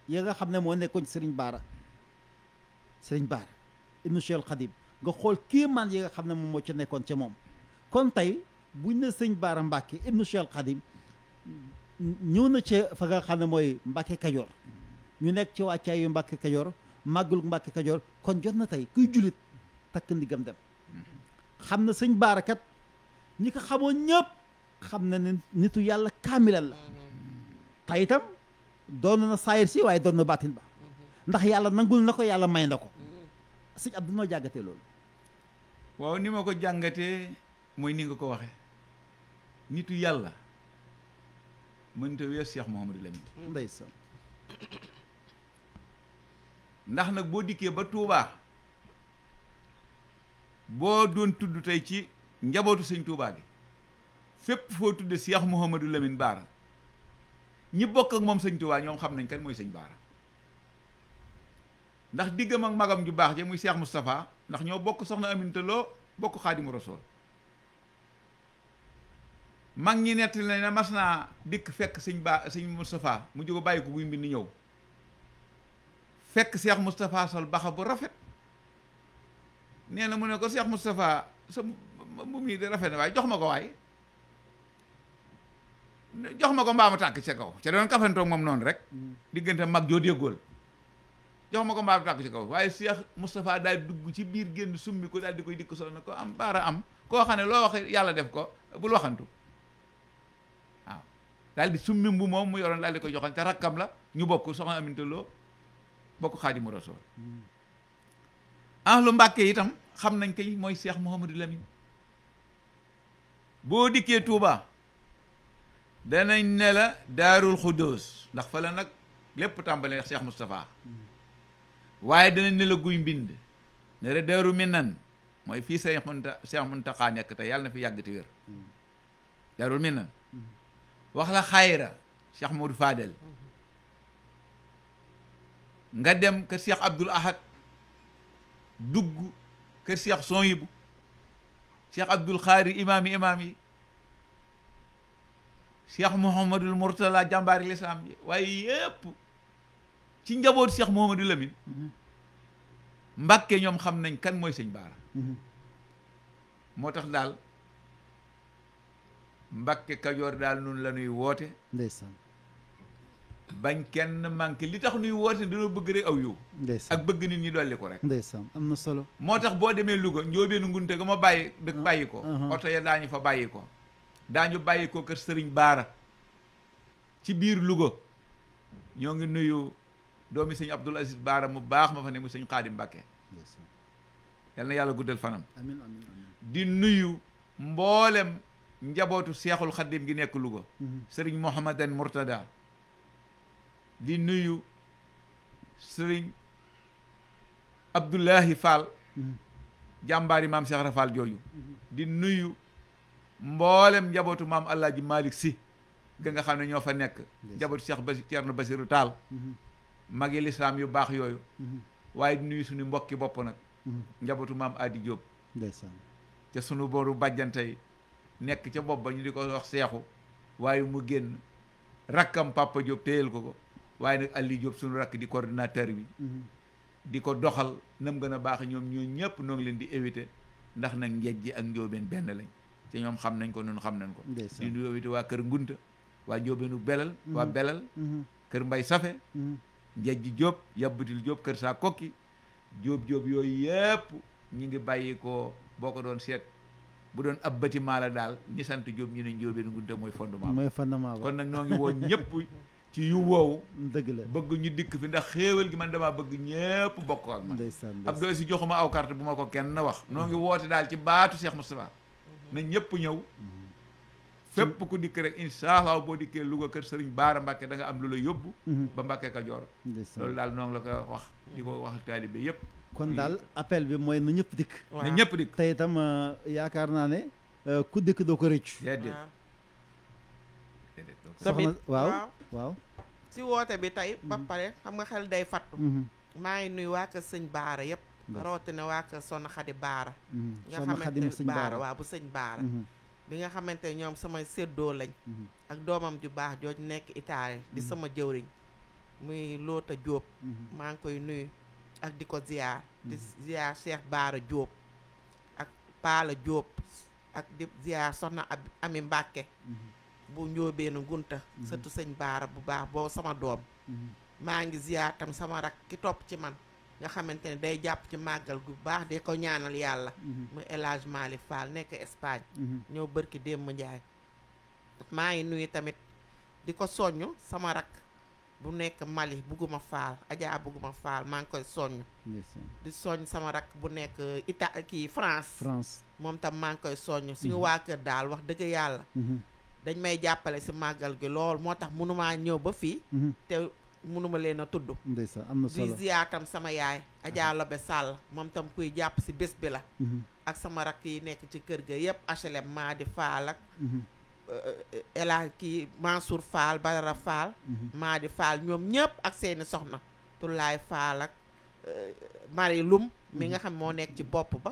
A: ya nga xam ne moo nekkoon Serigne Baara Serigne Baara ibnu Seex nga xool kiimaan yi nga xam ne moom moo ci nekkoon ca moom kon tey buñ ne Sëñ Baara Mbàkke ibnu ñëw na ci fa nga ne mooy Mbàkke ñu nekk ci wàccaay yu Mbàkke Kajoor màggul Mbàkke Kajoor kon jot na tey kuy jullit takk ndigam dem mm-hmm. xam na sëñ baarakat ñi ko xamoon ñëpp xam na ne nitu yàlla kaamilal la te itam doon na saayir si waaye doon na baatin ba ndax yàlla nangul na ko yàlla may na ko sëñ Abdou noo jàngatee loolu
B: waaw ni ma ko jàngatee mooy ni nga ko waxee nitu yàlla mënta wees Cheikh Mouhamadou Lamine ndeysaan ndax nag boo dikkee ba Tuubaa boo doon tudd tey ci njabootu sëñ Tuubaa gi fépp foo tudde Seex Muhammadu Lamin Baara ñi bokk ak moom sëñ Tuubaa ñoom xam nañ kan mooy sëñ Baara ndax diggam ak magam ju baax ja muy Seex Mustapha ndax ñoo bokk soxna Aminta bokk Xaadimu Rasuul mag ñi nett la ne mas naa dikk fekk sëñ baa sëñ Mustapha mu jóg bàyyi ko buy mbind ñëw fekk Seex Mustapha baxa bu rafet nee na mu ne ko Cheikh Moustapha sa mbubb yi de rafet na waaye jox ma ko waaye jox ma ko mbaamu tàkk ca kaw ca doon kafantoog moom noonu rek mm. diggante mag joo déggool jox ma ko mbaamu tàkk kaw waaye Cheikh Moustapha daal dugg ci biir génn summi ko daal di koy dikk solo na ko am baara am koo xam ne loo wax yàlla def ko bul waxantu waaw daal di summi mbu mu yoroon daal di ko joxoon te rakkam la ñu bokk soxna Aminta Lo bokk Xaadimu Rasuul mm. ahlu Mbàkke itam xam nañ kay mooy Cheikh Mouhamadou Lamine boo dikkee tuuba danañ ne Daarul Xuddoos ndax fa la nag lépp tàmbalee Cheikh Moustapha waaye danañ ne la guy mbind ne la Minan mooy fi Cheikh Munta Cheikh Muntaxa nekk te yàlla na fi yàgg te wér Daarul Minan wax la xayra Cheikh Modou nga dem ka Cheikh Abdoul Ahad dugg kër Cheikh Sonyibu Cheikh Abdul Xaari imaam yi imaam yi Cheikh Mouhamadul Mourtala jàmbaari lislaam yi waaye yépp ci njaboot Cheikh Mouhamadul Lamine mhm. Mbàkke ñoom xam nañ kan mooy sëñ Baara mhm. moo tax daal Mbàkke Kajoor daal nun la ñuy woote ndeysaan bañ kenn manqué li tax nuy woote dañoo bëgg rek aw yow ak bëgg nit ñi dolli ko rek ndeysaan am solo moo tax boo demee Louga njóobeenu ngunte ga ma bàyyi dëkk uh-huh. bàyyi ko uh-huh. oto ya daañu fa bàyyi ko daañu bàyyi ko kër sëriñ baara ci biir Louga ñoo ngi nuyu doomi sëñ Abdoul Aziz baara mu baax ma fa ne mu sëñ Xaadim Mbàkke yal na yàlla guddal fanam amiin amiin di nuyu mboolem njabootu seexul xaddim gi nekk Louga mm-hmm. sëriñ Mouhamadan Mourtada di nuyu sëriñ Abdoulahi Fall jàmbaari maam Cheikh Ibra Fall jooju di nuyu mboolem njabootu maam Alaaji Malick Si ga nga xam ne ñoo fa nekk njabootu Cheikh Basi Ceerno Basiru Taal magi lislaam yu baax yooyu waaye di nuyu suñu mbokki bopp nag njabootu maam Adi Diop ndeysaan sunu booru bàjjante yi nekk ca bopp ba ñu di ko wax seexu waaye mu génn rakkam papa Diop téyel ko ko waaye nag Aliou Diop suñu rakk di coordinateur bi mhm. di ko doxal nam nga a baax ñoom ñoo ñëpp noo ngi leen di éviter ndax nag ngeej ji ak njóobeen benn lañ te ñoom xam nañ ko nun xam nañ ko di nuyoo waa kër ngunta waa njóobeenu belal mhm. waa belal mhm. kër mbay safe ngeej ji jóob yabbutil jóob kër saa kokki jóob-jóob yooyu yëpp ñu ngi bàyyi ko boo ko doon seet bu doon ab bâtiment la daal ñi sant jóob ñu ne njóobeenu ngunta mooy fondement mooy fondement kon nag noo ngi woon ñëpp ci yu woowu dëgg la bëgg ñu dikk fi ndax xéewal gi man damaa bëgg ñépp bokk ak man ab doy si joxuma aw carte bu ma ko kenn wax noo ngi woote daal ci baatu Cheikh Moustapha na ñëpp ñëw fépp ku dikk rek incha allah boo dikkee Louga kër Serigne Baara Mbacke da nga am lu la yóbbu mhm. ba Mbacke Kajoor loolu daal noonu la ko wax di ko wax taalibe yëpp
A: kon daal appel bi mooy na ñëpp dikk na ñëpp dikk tey itam euh, yaakaar naa ne euh, ku dikk doo ko rëcc déedéet
D: waaw waaw si woote bi tey ba mm-hmm. pare xam nga xel day fattu mm-hmm. maa ngi nuyu waa kër sëñ baara yëpp rawatina waa kër sonn xadi baara mm-hmm. nga xamante baara waaw bu sëñ baara bi nga xamante ne ñoom sama séddoo lañ ak doomam ju baax jooju nekk Italie di sama jëwriñ muy Loota Jóob maa ngi koy nuyu ak di ko ziyaar di Baara Jóob ak Paala Jóob ak di ziyaar soxna Ami Mbàkke bu njóobeenu gunta mhm. sëtu sëñ baara bu baax boo sama doom mhm. maa ngi ziyaar tam sama rak ki topp ci man nga xamante ne day jàpp ci màggal gu baax de ko ñaanal yàlla mhm. mu élage li Fall nekk Espagne ñëw bërki démb njaay maa ngi nuyu tamit di ko soññ sama rak bu nekk Mali bugguma faal Adja bugguma faal maa ngi koy soññ di soññ sama rak bu nekk Ita kii France moom tam maa ngi koy soññ suñu waa kër daal wax dëgg yàlla dañ may jàppale si màggal gi lool moo tax mënumaa ñëw ba fii mhm. te mënuma leen a tudd ndeysaan am na tam sama yaay Adja mhm. Lobe Sall moom tam kuy jàpp si bés bi la mhm. ak sama rakk yi nekk ci kër ga yëpp HLM maa di faal ak eh, elaa kii Mansour Fall Badara Fall maa di faal ñoom ñëpp ak seeni soxna Tullaay Fall ak eh, Marie Lum mi nga xam moo nekk ci bopp ba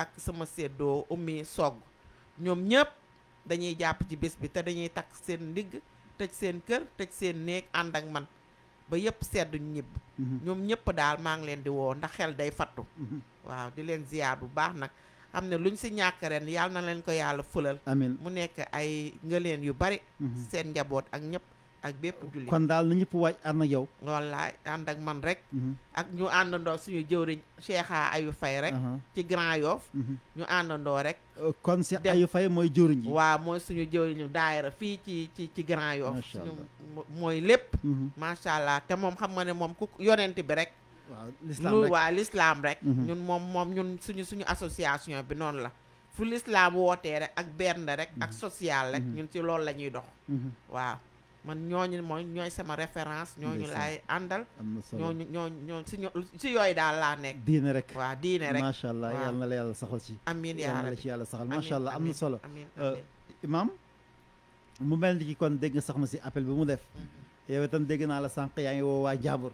D: ak sama séddoo ummi sogg ñoom ñëpp dañuy jàpp ci bés bi te dañuy takk seen ndigg tëj seen kër tëj seen néeg ànd ak man ba yëpp seddu ñibb mhm. ñoom ñëpp daal maa ngi leen di woo ndax xel day fattu mhm. waaw di leen ziyaar bu baax nag xam ne luñ si ñàkk ren yàlla na leen ko yàlla fulal amiin mu nekk ay ngëleen yu bari mhm. seen njaboot ak ñëpp ak bépp jullit kon daal
A: na ñëpp waaj ànd ak yow
D: wallaay ànd ak man rek mhm. ak ñu àndandoo suñu jëwriñ Cheikh Ayou fay rek mhm. ci Grand Yoff mhm. ñu àndandoo rek
A: euh, kon Cheikh Ayou fay mooy jëwriñ ji
D: waaw mooy suñu jëwriñu daayira fii ci ci ci Grand Yoff mooy lépp macha allah te moom xam nga ne moom ku yonent bi rek waaw waa l'islam rek ñun moom moom ñun suñu suñu association bi noonu la fu l'islam wootee rek ak bernde rek ak social rek ñun ci loolu lañuy dox waaw man ñooñu mooy ñooy sama référence ñooñu laay àndal ñooñu ñooñu ñooñu si ñoo si yooyu daal laa nekk diine rek waaw diine rek macha allah yal na la yàlla saxal ci amiin yal na la
A: ci allah am na solo euh, imam mu mel ni kon dégg sax soxna si appel bi mu def mm-hmm. yow itam dégg naa la sanq yaa ngi woo waa jàmbur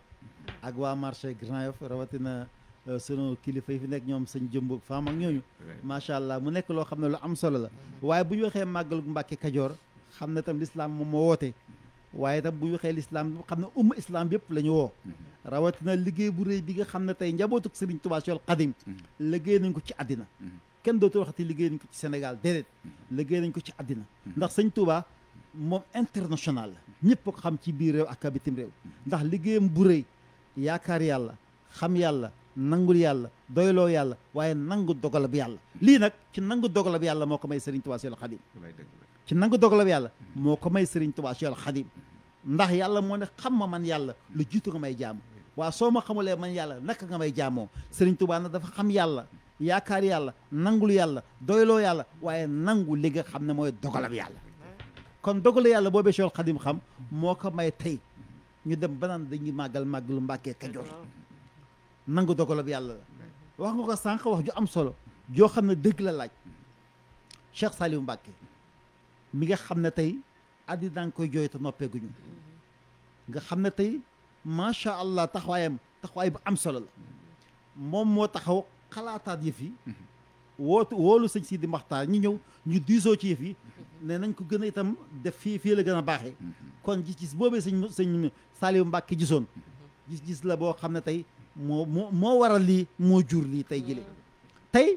A: ak waa marché Grand Yoff rawatina euh, sunu kilifa yi fi nekk ñoom sëñ jëmboog faam ak ñooñu macha allah mu nekk loo xam ne lu am solo la mm-hmm. waaye bu ñu waxee màggalu Mbàkke Kajoor xam ne tam lislaam moom moo woote waaye tam buy waxee lislaam xam ne umm islam yëpp la ñu woo mm-hmm. rawatina liggéey bu réy bi nga xam ne tey njabootu Sëriñ Tuubaa Seexul Xadim mm-hmm. liggéey nañ ko ci àddina mm-hmm. kenn dootu waxati liggéey nañ ko ci Sénégal déedéet liggéey nañ ko ci àddina ndax Sëñ Tuubaa moom international la ñëpp ko xam ci biir réew ak bitim réew ndax liggéeyam bu réy yaakaar yàlla xam yàlla nangul yàlla doyloo yàlla waaye nangu dogalab yàlla lii nag ci nangu dogalab yàlla moo ko may Sëriñ Tuubaa Seexul Xadim ci nangu dogalab yàlla moo ko may sëriñ Tuubaa Seexul Xadiim ndax yàlla moo ne xam ma man yàlla lu jiitu nga may jaamu waa soo ma xamulee man yàlla naka nga may jaamoo sëriñ Tuubaa na dafa xam yàlla yaakaar yàlla nangul yàlla doyloo yàlla waaye nangu li nga xam ne mooy dogalab yàlla kon dogalu yàlla boobee Seexul Xadiim xam moo ko may tey ñu dem banaan naan dañuy màggal màggalu Mbàkke Kajoor nangu dogalab yàlla la wax nga ko sànq wax ju am solo joo xam ne dëgg la laaj Cheikh Saliou Mbàkke mi nga xam ne tey àddina nga koy jooy noppeekuñu nga xam ne tey macha allah taxawaayam taxawaay bu am solo moom moo taxaw xalaataat yëf yi wootu woolu sëñ sii di Maxtaar ñu ñëw ñu diisoo ci yëf yi ne nañ ko gën a itam def fii fii la gën a baaxee kon gis-gis boobee sëñ sëñ Saliou Mbàkke gisoon gis-gis la boo xam ne tey moo moo moo waral lii moo jur lii tey jëlee tey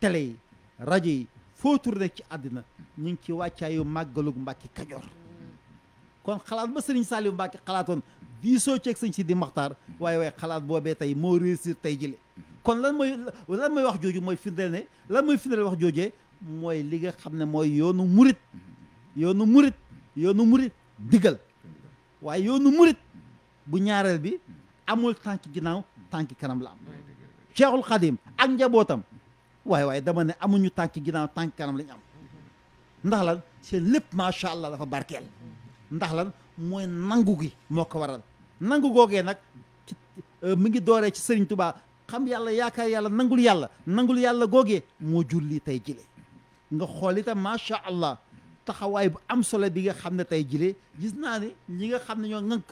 A: tele yi rajo yi foo tourné ci àddina ñu ngi ci wàccaayu màggalug Mbàkke Kajoor kon xalaat ma sëriñ Saliou Mbàkke xalaatoon bii soo ceeg sëñ ci di maxtaar waaye waaye xalaat boobee tey moo réussir tey jile kon lan mooy lan mooy wax jooju mooy firndeel ne lan mooy firndeel wax joojee mooy li nga xam ne mooy yoonu murit yoonu murit yoonu murit digal waaye yoonu murit bu ñaareel bi amul tànk ginnaaw tànk kanam la am Cheikhul Khadim ak njabootam waaye waaye dama ne amuñu tànk ginnaaw tànk kanam lañu am ndax lan seen lépp macha allah dafa barkeel ndax lan mooy nangu gi moo ko waral nangu googee nag euh, mu ngi dooree ci Sëriñ Tubaa xam yàlla yaakaar yàlla nangul yàlla nangul yàlla googee moo jur lii tey jile nga xool itam macha allah taxawaay bu am solo bi nga xam ne tey jile gis naa ne ñi nga xam ne ñoo ŋànk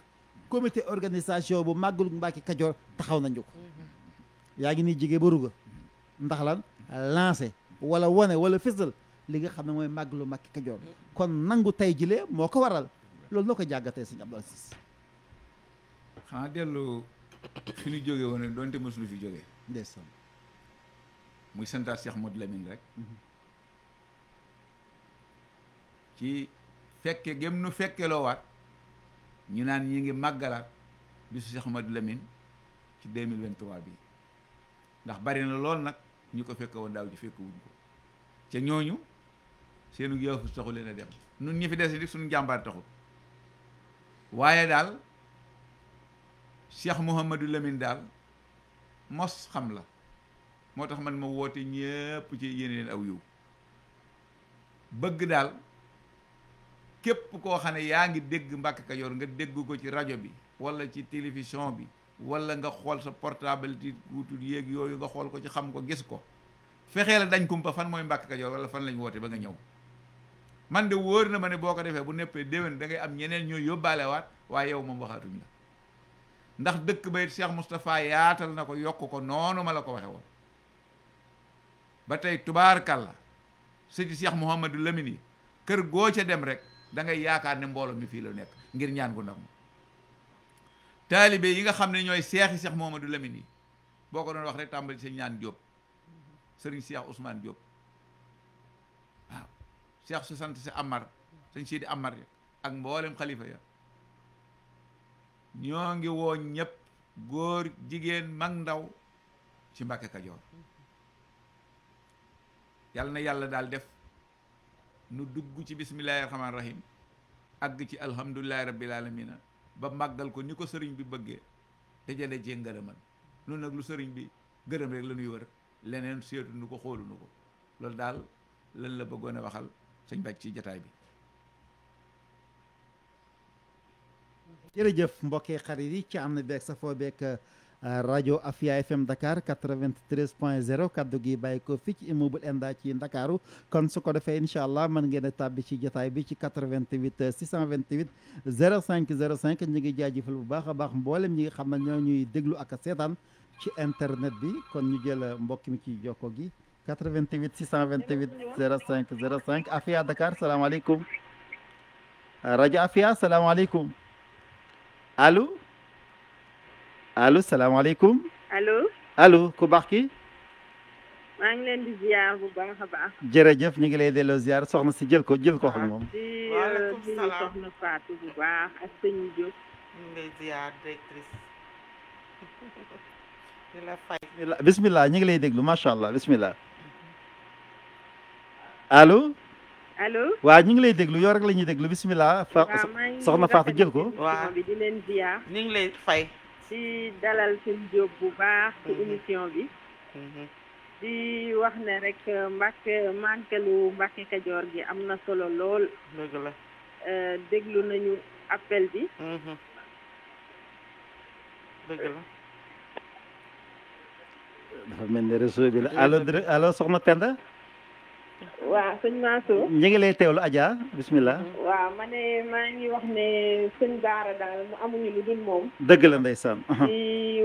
A: comité organisation bu màggul Mbàkke Kajoor taxaw nañu ko
C: mm-hmm.
A: yaa ngi nii jigee ba Ruga lancé wala wane wala fisal li nga xam ne mooy lu mag Mbàkke Kajoor kon nangu tey jilee moo ko waral loolu noo ko jàggatee sëñ Abdou Aziz
B: xanaa dellu fi ñu jóge mësul fi jóge ndeysaan muy santaat Cheikh Modou Lamine rek mhm. ci fekke gém nu fekke loo waat ñu naan ñi ngi màggalaat bisu Cheikh Modou Lamine ci 2023 bi ndax bari na lool nag ñu ko fekk woon daaw ji fekk wuñ ko ca ñooñu seenu yaafus taxu leen a dem nun ñi fi des di suñu jàmbaar taxu waaye daal Cheikh Mouhamadou Lamine daal mos xam la moo tax man ma woote ñépp ci yéene leen aw yiw bëgg daal képp koo xam ne yaa ngi dégg Mbàkke Kajoor nga dégg ko ci rajo bi walla ci télévision bi wala nga xool sa portable di wutul yéeg yooyu nga xool ko ci xam ko gis ko fexee la dañ kumpa fan mooy Mbàkke Kajoor wala fan lañ woote ba nga ñëw man de wóor na ma ne boo ko defee bu neppee déwén dangay am ñeneen ñooy yóbbaale waat waaye yow ma waxaatuñ la ndax dëkk ba it Cheikh Moustapha yaatal na ko yokk ko noonu ma la ko waxe woon ba tey tubaarkàlla sëti Cheikh Mouhamadou Lamine yi kër goo ca dem rek da ngay yaakaar ne mbooloo mi fii la nekk ngir ñaan gu taalibe yi nga xam ne ñooy seexi Seex Momadou Lamine yi boo ko doon wax rek tàmbali sëñ ñaan Diop sëriñ Seex Ousmane Diop waaw Seex su sant si Amar sëñ Sidi Amar ak mboolem xalifa ya ñoo ngi woo ñëpp góor jigéen mag ndaw ci Mbàkke Kajoor yàlla na yàlla daal def nu dugg ci bismillaahi rahmaani rahim àgg ci alhamdulillahi rabbil alamina ba màggal ko ni ko sëriñ bi bëggee dajale cee ngërëman nun nag lu sëriñ bi gërëm rek la ñuy wër leneen seetuñu ko xooluñu ko loolu daal lan la bëggoon a waxal sëñ bàcc ci jataay bi
A: jërëjëf mbokki xarit yi ci am na beeg safoo beeg Euh, rajo Afia FM Dakar 93 point 0 kaddu gi bàyyi ko fii ci immeuble Enda ci Ndakaaru kon su ko defee incha allah mën ngeen a tàbbi ci jotaay bi ci 88 628 05 05 ñu ngi jaajëfal bu baax a baax mboolem ñi nga xam ne ñoo ñuy déglu ak seetaan ci internet bi kon ñu jël euh, mbokk mi ci jokko gi 88 628 05 05 Afia Dakar salaamaaleykum euh, rajo Afia salaamaaleykum allo. allo salaamaaleykum. allo ku baax ki maa ñu ngi lay delloo ziar soxna si jël ko jël ko xam moom.
D: Euh, waaleykum di nuyu soxna Fatou bu baax ak sëñ Diop. ñu ngi lay ziar directrice.
A: di déglu macha allah allo. allo waaw ñu ngi lay déglu yow rek déglu bisimilah. waaw maa soxna Fatou jël ko.
D: di leen ziar. ñu fay. di dalal seen jóg bu baax ci mhm. émission bi mhm. di wax ne rek Mbàkke mànkelu Mbàkke Kajoor gi am na solo lool dëgg euh, déglu nañu appel bi mhm.
A: dafa mel ni réseau bi la allo allo soxna Penda
D: waaw sëñ Mansour.
A: ñu ngi lay teewlu bismillah
D: waaw ma ne maa ngi wax ne sëñ Baara daal mu amuñu lu dul moom.
A: dëgg la ndeysaan. di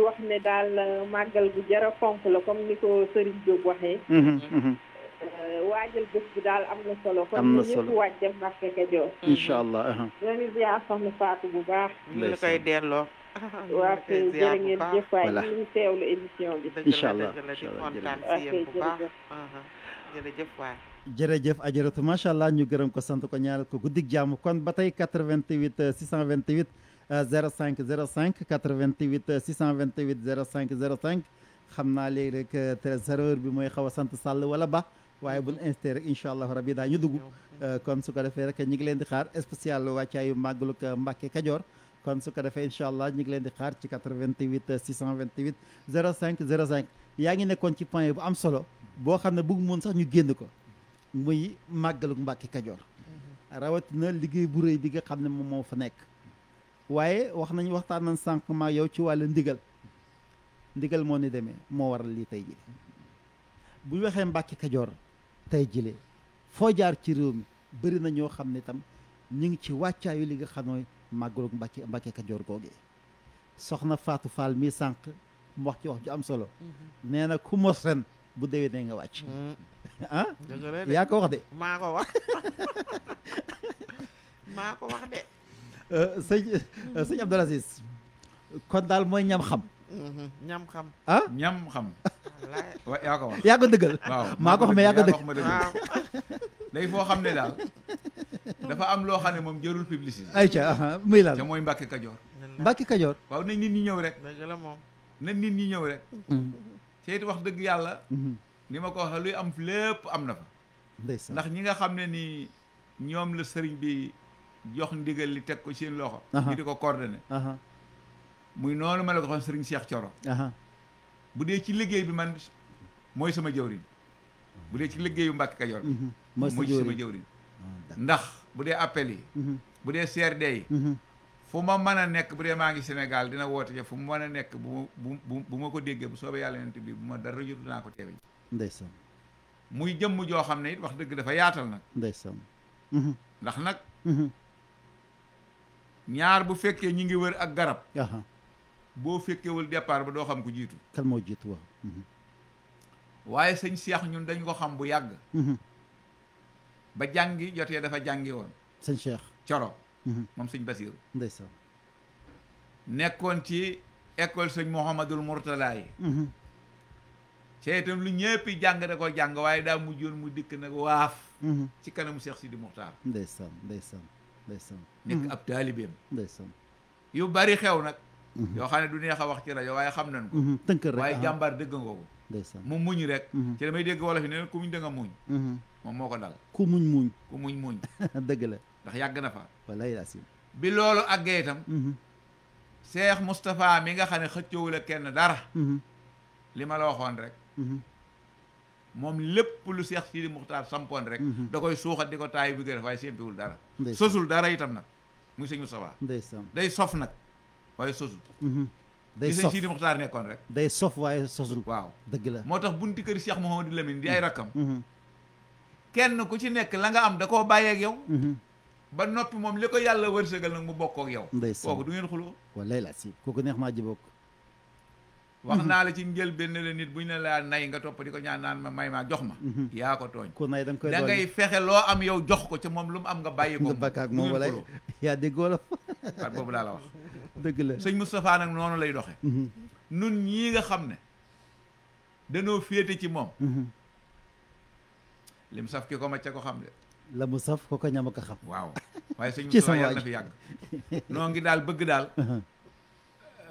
D: wax ne daal màggal bu jara fonk la comme ni ko Serigne Diop waxee.
A: Mhm, mhm.
D: Euh, waajal bés bi daal am na solo. am na solo kon ñëpp waaj dem Mbacke Kajoor. incha allah. ñoo ngi ziar soxna Fatou bu baax. ñu ngi koy delloo. waa kay jërë ngeen jëf waay ñu teewlu émission bi. incha la dëgg la di kontaan si yéen bu baax. jërëjëf waay.
A: jërëjëf ajaratu macha allah ñu gërëm ko sant ko ñaanal ko guddik jàmm kon ba tey 88 628 05 05 88 628 05 05 xam naa léegi rek trésorier bi mooy xaw a sant Sall wala Ba waaye bu ñu insté rek incha allah rabi daa ñu dugg. Euh, kon su ko defee rek ñu ngi leen di xaar spécial wàccaayu màggalug euh, Mbàkke Kajoor. kon su ko defee incha allah ñu ngi leen di xaar ci 88 628 05 05 yaa ngi nekkoon ci point bu am solo. boo xam ne bëgg moon sax ñu génn ko muy màggalu Mbàkke Kajoor mm-hmm. rawatina liggéey bu rëy bi nga xam ne moom moo fa nekk waaye wax nañu waxtaan nañ sànq ma yow ci wàllu ndigal ndigal moo ni demee moo waral lii tey jii bu ñu waxee Mbàkke Kajoor tey jile foo jaar ci réew mi bëri na ñoo xam ne tam ñu ngi ci wàccaayu li nga xam mooy màggalu Mbàkke Mbàkke Kajoor googee soxna faatu Fall mii sànq mu wax ci wax ju am solo
D: mm-hmm.
A: nee na ku mos ren bu déwénee nga wàcc. Mm.
C: ah
D: yaa ko wax de. maa ko wax maa ko de.
A: Euh, sëñ euh, sëñ Aziz kon daal mooy ñam xam.
B: Mm-hmm. ñam xam. ah ñam xam. wa yaa wax yaa ko dëggal. waaw maa ko xam ne yaa ko dëgg. waaw foo xam ne daal dafa am loo xam ne moom jërul publicité. ayca muy laal te mooy Mbacke Kajoor. Mbacke Kajoor. waaw nañ nit ñi ñëw rek. te it wax dëgg yàlla mhm. ni ma ko waxee luy am lépp am na fa ndax ñi nga xam ne ni ñoom la sëriñ bi jox ndigal li teg ko seen loxo ñu di ko coordonné muy noonu ma la ko xam sëriñ Cheikh Thioro bu dee ci liggéey bi man mooy sama jëwriñ bu dee ci liggéeyu Mbàkke Kajoor mhm. mooy sama jëwriñ ah, ndax bu dee appel yi mhm. bu dee CRD yi fu ma mën a nekk bu dee maa ngi Sénégal dina woote ja fu mu mën a nekk bu bu bu ma ko déggee bu soobee yàlla nent bi bu ma dara jot dinaa ko teewe ndeysaan muy jëmm joo xam ne it wax dëgg dafa yaatal nag ndeysaan mhm. ndax nag mhm. ñaar bu fekkee ñu ngi wër ak garab fekkewul départ ba doo xam ku jiitu kan moo jiitu mhm. waaye sëñ Cheikh ñun dañ ko xam bu yàgg ba jàngi jotee dafa jàngi woon sëñ Cheikh Coro Mm-hmm. moom sëñ Basiiru ndeysaan nekkoon ci école sëñ Mouhamadul Mourtala yi te mm-hmm. itam lu ñëpp jàng da ko jàng waaye daa mujjoon mu dikk nag waaf mm-hmm. ci kanamu Cheikh Sidi Muxtaar
A: ndeysaan ndeysaan ndeysaan nekk ab
B: taalibeem ndeysaan yu bari xew nag yoo xam ne du neex a wax ci rajo waaye xam nañ ko tënkër rek waaye ah. jàmbaar dëgg nga ko mu muñ rek mhm. ci damay dégg wolof yi ne ku muñ da nga muñ mhm. moom moo ko dal
A: ku muñ muñ ku dëgg la
B: ndax yàgg na fa wallaay laasim bi loolu àggee itam mhm. Cheikh Moustapha mi nga xam ne xëccoowul ak kenn dara li ma la waxoon rek moom lépp lu Cheikh Sidi Muxtaar sampoon rek da koy suuxat di ko taay bi gërëm waaye sempiwul dara sosul dara itam nag muy sëñ Moustapha day sof nag waaye sosul
A: day sof Sidi Muxtaar nekkoon rek day sof waaye sosul waaw dëgg la
B: moo tax bunti kër Cheikh Mouhamadou Lamine di ay rakkam mhm. kenn ku ci nekk la nga am da koo bàyyeek yow mhm. ba noppi moom li ko yàlla wërsëgal nag mu bokk ak yow kooku du ngeen xuloo
A: wallaay la si kooku neex maa ji bokk wax mhm.
B: naa la ci njëlbéen la nit bu ñu ne laa nay nga topp di ko ñaan naan ma may maa jox ma mhm. yaa ko tooñ ku nay da koy da ngay fexe loo am yow jox ko ca moom lu mu am nga bàyyi ko nga bakk ak moom wala yaa déggoo la baat laa la wax dëgg la sëñ Moustapha nag lay doxe mhm. nun ñii nga xam ne danoo féete ci moom lim saf ko ma ca ko xam de
A: la ko ko ñama xam
B: waaw waaye sëñ Moustapha yàlla na fi yàgg noo ngi daal bëgg daal uh-huh.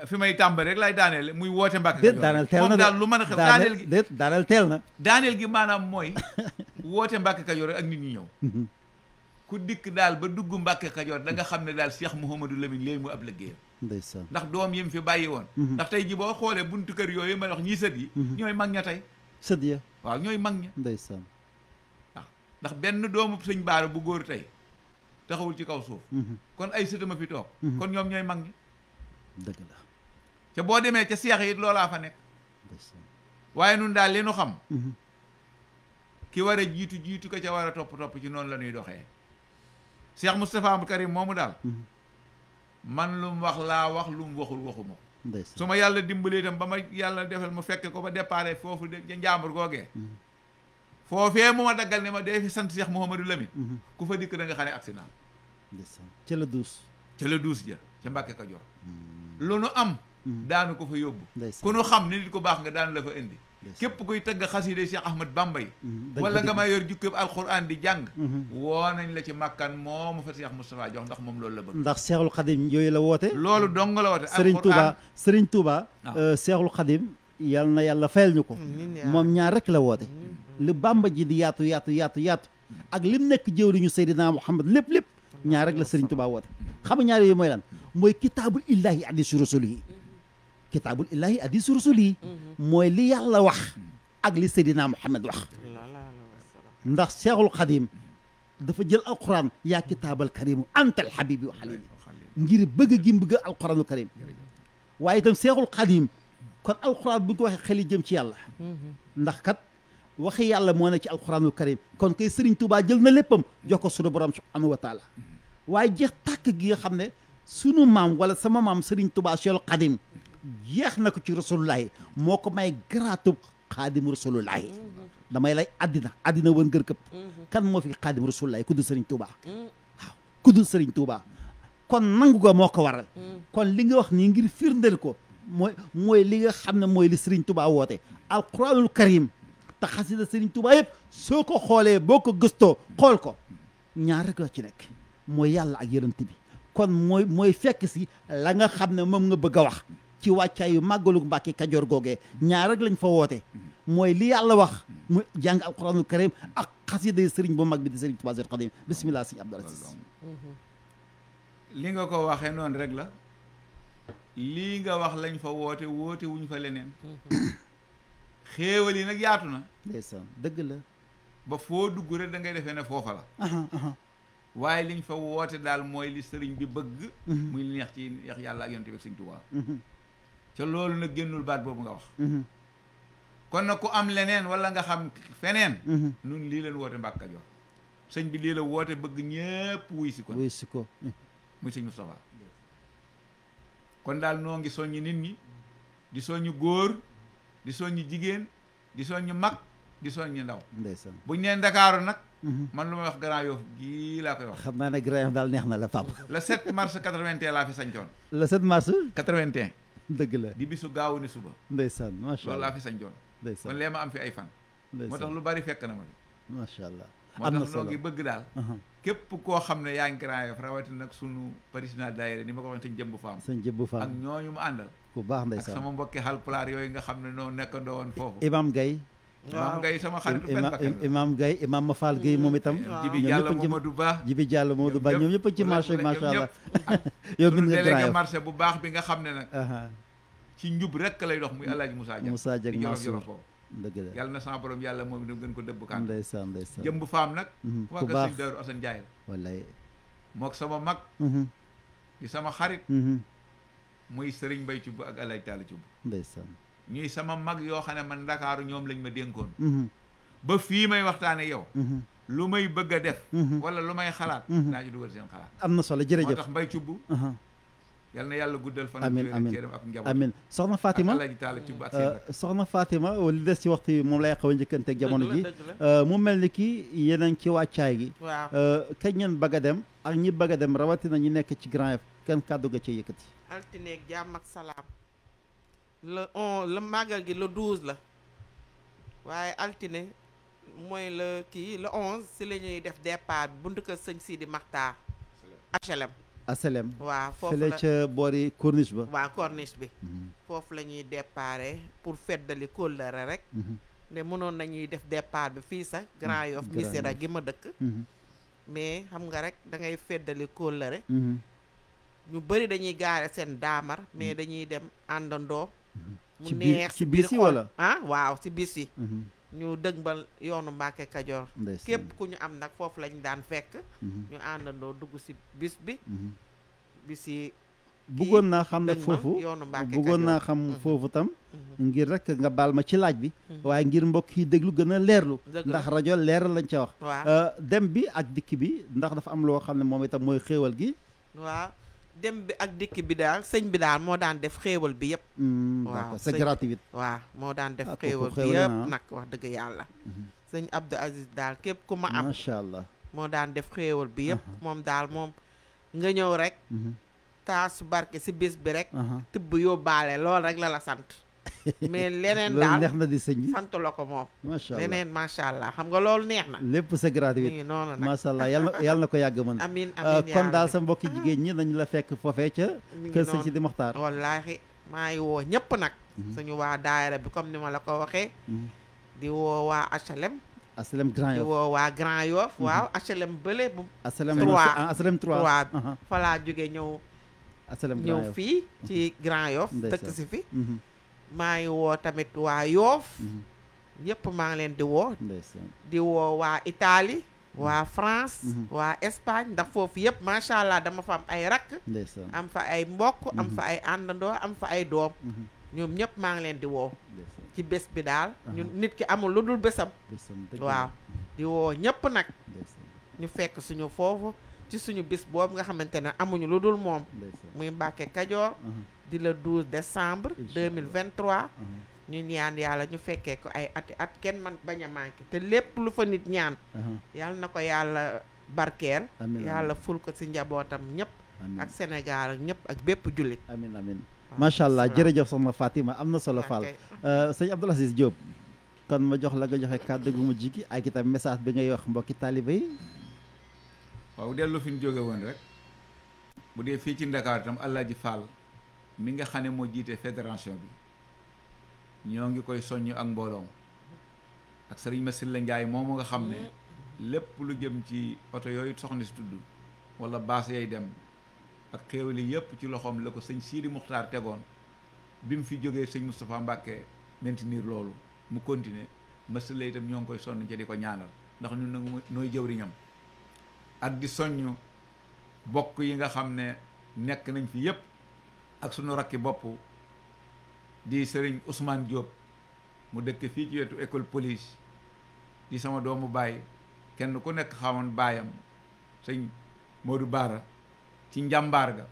B: fi may tàmbali rek lay daaneel muy woote Mbàkke Kajoor daaneel na daal lu mën a xew daaneel
A: gi teel na
B: daaneel gi maanaam mooy woote Mbàkke Kajoor ak nit ñi ñëw mhm. ku dikk daal ba dugg Mbàkke Kajoor danga xam ne daal Cheikh Mouhamadou Lamine léegi mu ab liggéeyam ndeysaan ndax doom yi mu fi bàyyi woon mhm. ndax tey ji boo xoolee buntu kër yooyu ma wax ñii sët yi mhm. ñooy mag ña tey sët ya waaw ñooy mag ña ndeysaan ndax benn doomu sëñ baara bu góor tey taxawul ci kaw suuf kon ay sëtama fi toog kon ñoom ñooy mag ñi ca boo demee ca seex it loolaa fa nekk waaye nun daal li nu xam mhm. ki war jiitu jiitu ko ca war a topp topp ci noonu la ñuy doxee seex Moustapha Karim moomu daal mhm. man lu wax laa wax lu waxul waxuma
C: ko
B: su ma yàlla dimbalee itam ba ma yàlla defal mu fekke ko ba déparé foofu de njaambur googee mhm. foofee mu ma daggal ne ma dee fi sant Cheikh Mouhamadou Lamine ku fa dikk da nga xam ne accident ca la duus ca la duus ja ca Mbàkke Kajoor lu nu am Mm-hmm. daanu ko fa yóbbu ku nu xam ni nit ku baax nga daanu la fa indi képp kuy tagg xasida Cheikh Ahmad Bamba yi mm-hmm. wala nga ma yor jukkéb alquran di jàng mm-hmm. woo la ci màkkan moomu fa Cheikh Moustapha jox ndax moom loolu la bëgg ndax
A: Cheikhul Khadim yooyu la woote loolu dong la woote Serigne Touba Serigne Touba ah. euh, Cheikhul Khadim yal na yàlla fayal ñu ko moom ñaar rek la woote li Bamba ji di yaatu yaatu yaatu yaatu ak lim nekk jëwriñu Seydina Muhammad lépp lépp ñaar rek la Serigne Touba woote xam nga ñaar yooyu mooy kitaabul illaahi hadiisu rusuli mooy li yàlla wax ak li Seydina Muhammad wax ndax Cheikhul Xadim dafa jël alquran yaa kitaabal karimu antal habibi wa xalili ngir bëgg gi bëgg alquranul karim waaye itam Cheikhul Xadim kon alquran bu ñu ko waxee xel jëm ci yàlla ndax kat waxi yàlla moo ne ci alquranul karim kon kay sëriñ tubaa jël na léppam jox ko sunu borom subhanahu wa taala waaye jeex tàkk gi nga xam ne sunu maam wala sama maam Serigne Touba Cheikhul jeex na ko ci rasulullahi moo ko may garaatub xaadimu rasulullahi damay lay addina addina wën ngër këpp kan moo fi xaadimu rasulullahi ku dul Serigne Touba
C: waaw
A: ku dul Serigne Touba kon nangu ga moo ko waral kon li nga wax nii ngir firndeel ko mooy mooy li nga xam ne mooy li Serigne Touba woote alquranul karim te xasida Serigne Touba yëpp soo ko xoolee boo ko gëstoo xool ko ñaar rek la ci nekk mooy yàlla ak yërënt bi kon mooy mooy fekk si xam ne moom nga bëgg a wax ci wàccaayu màggalu Mbàkke Kajoor googee ñaar rek lañ fa woote mooy li yàlla wax mu jàng alquranul karim ak xasida sëriñ bu mag bi di sëriñ Tuubaa Seex Xaadim bismillah sëriñ Abdou Aziz
B: li nga ko waxee noonu rek la li nga wax lañ fa woote woote wuñ fa leneen xéewal yi nag yaatu na ndeysaan dëgg la ba foo dugg rek da ngay defee ne foofa la waaye liñ fa woote daal mooy li sëriñ bi bëgg mhm. muy li neex ci neex yàlla ak yonent bi ca loolu nag génnul baat boobu nga wax mhm. kon nag ku am leneen wala nga xam feneen mhm. nun lii leen woote Mbàkke sëñ bi lii la woote bëgg ñëpp wuy si ko wuy si ko muy kon daal noo ngi soññi nit ñi di soññu góor di soññu jigéen di soññu mag di soññu ndaw ndeysaan buñ nee Ndakaaru nag mhm. man lu may wax Grand Yoff gii laa koy wax
A: xam naa ne Grand Yoff daal neex na la Pape
B: le 7 mars 81 laa fi sañcoon
A: le 7 mars 81 dëgg la di
B: bisu gaawu ni suba
A: ndeysaan macha allah loolu laa fi sañ joon ndeysaan man lee ma am fi ay fan moo tax lu
B: bari fekk na ma fi macha allah
A: am na solo moo tax noo ngi bëgg daal
B: képp koo xam ne yaa ngi Grand Yoff rawatina nag sunu président daayira ni ma ko waxee sëñ jëmb faam sañ jëmb faam ak ñooñu mu àndal
A: ku baax ndeysaan ak sama
B: mbokki Haalpulaar yooyu nga xam ne noo nekkandoo woon foofu Imam Gaye imaam Gaye sama xarit benn
A: imaam Gaye imaam Mafal Gaye moom itam. Jibi Diallo Momadou Ba Jibi Diallo Momadou Ba ñoom ñëpp ci marché macha allah.
B: yow mi nga délégué marché bu baax bi nga xam ne nag. ci njub rek lay dox muy El Hadj Moussa Diagne. Moussa Diagne Mansour dëgg la yàlla na sama borom yàlla moom itam gën ko dëbb kan. ndeysaan ndeysaan jëmb faam nag. Mhm. ku baax waa Sëñ mook sama mag. Mhm. di sama xarit. Mhm. muy Serigne Mbaye Thioub ak El Hadj Talla Thioub. ndeysaan. ñuy sama mag yoo xam ne man ndakaaru ñoom lañ ma dénkoon mhm. ba fii may waxtaane yow mhm. lu may bëgg a def mhm. wala lu may xalaat naa ci dugal seen
A: am na solo jërëjëf moo tax mbay
B: cubb uh-huh. yal na yàlla guddal fan amiin amiin ak njaboot amiin soxna Fatima alaji taala cubb ak uh,
A: soxna Fatima uh, li des ci waxtu bi moom lay xaw a njëkkante jamono ji uh, mu mel ni ki yeneen ci wàccaay gi kañ ngeen bëgg a dem ak ñi bëgg dem rawatina ñi nekk ci Grand Yoff kenn kàddu ga ci yëkkati
D: altineeg jàmm ak salaam le on le màggal gi le douze la waaye altine mooy la kii le onze si lañuy def départ bi buntu kër sëñ Sidi Maxtaar HLM HLM waaw foofu la ca
A: boori corniche ba waaw
D: corniche bi mhm. foofu la ñuy dépare pour feddali kóllëre rek mhm. nde mënoon nañuy def départ bi fii sax Grand mhm. Yoff misira gi ma dëkk mais xam nga rek dangay ngay feddali kóllëre ñu bëri dañuy gaare seen daamar mais dañuy dem àndandoo mu ci biir si wala ah, waaw ci biis yi mhm. ñu dëgbal yoonu Mbàkke Kajoor képp ku ñu am nag foofu lañ daan fekk mhm. ñu àndandoo dugg si bis bi mhm. bis yi
A: bëggoon naa xam nag foofu bëggoon naa xam foofu tam ngir rek nga baal ma ci laaj bi waaye ngir mbokk yi déglu gën a leerlu ndax rajo leeral lañ ca wax euh, dem bi ak dikk bi ndax dafa am loo xam ne moom itam mooy xéewal gi
D: dem bi ak dikk bi daal sëñ bi daal moo daan def xéewal bi yëpp mm, waaw c'est waa moo daan def ah, xéewal bi yëpp nag wax dëgg yàlla mm-hmm. sëñ Abdou Aziz daal képp ku ma am allah moo daan def xéewal bi yëpp uh-huh. moom daal moom nga ñëw rek mm-hmm. taasu barke si bis bi rek uh-huh. tibb yóbbaale lool rek lala sant mais leneen daal neex na di sëñ bi la ko moom macha allah macha allah xam nga loolu neex na
A: lépp c'est gratuit noonu nag macha allah yal na ko yàgg mën amiin amiin euh, kon daal sa mbokki jigéen ñi nañu la fekk foofee ca kër sëñ si di Moxtaar
D: wallaahi maa ngi woo ñëpp nag mhm. suñu waa daayira bi comme ni ma la ko waxee mhm. di woo waa HLM
A: HLM Grand Yoff woo
D: waa Grand Yoff mhm. waaw HLM bële bu HLM 3 HLM 3 fa jóge ñëw HLM ñëw fii ci Grand Yoff dëkk si fi maa ngi woo tamit waa Yoof mhm. yëpp maa leen di woo woo waa itali mhm. waa France mhm. waa Espagne ndax foofu yëpp macha allah dama fa am ay rakk am fa ay mbokk am fa ay àndandoo am fa ay doom ñoom ñëpp maa ngi leen di woo ci bés bi daal ñun nit ki amul lu dul bésam waaw di woo ñëpp nag ñu fekk suñu foofu ci suñu bis boobu nga xamante ne amuñu lu dul moom muy Mbàkke Kajoor di le 12 décembre 2023 mhm. ñu ñaan yàlla ñu fekkee ko ay ati at kenn man bañ te lépp lu fa nit ñaan mhm. yàlla na ko yàlla barkeel yàlla ful ko ci njabootam ñëpp ak Sénégal ak ñëpp ak bépp jullit amin amin macha allah jërëjëf
A: soxna Fatima am na solo Fall euh, sëñ Abdoul Aziz Diop kon ma jox la nga joxe kàddu gu mujj gi ak itam message bi ngay wax mbokki taalibe yi
B: waaw dellu fi ñu jóge woon rek bu dee fii ci Ndakaar itam Alaaji Fall mi nga xam ne moo jiite fédération bi ñoo ngi koy soññ ak mbooloom ak sëriñ Masila Njaay moomu nga xam ne lépp lu jëm ci oto yooyu soxna si tudd wala baas yay dem ak xéewali yépp ci loxoom la ko sëñ Siidi Muxtaar tegoon bi mu fi jógee sëñ Moustapha Mbàkke maintenir loolu mu continuer Masila itam ñoo ngi koy sonn ca di ko ñaanal ndax ñu nag nooy jëwriñam ak di soññ bokk yi nga xam ne nekk nañ fii yépp ak sunu rakki bopp di sëriñ Ousmane Diop mu dëkk fii ci wetu école police di sama doomu baay kenn ku nekk xawoon baayam sëñ Modou Baara ci njàmbaar ga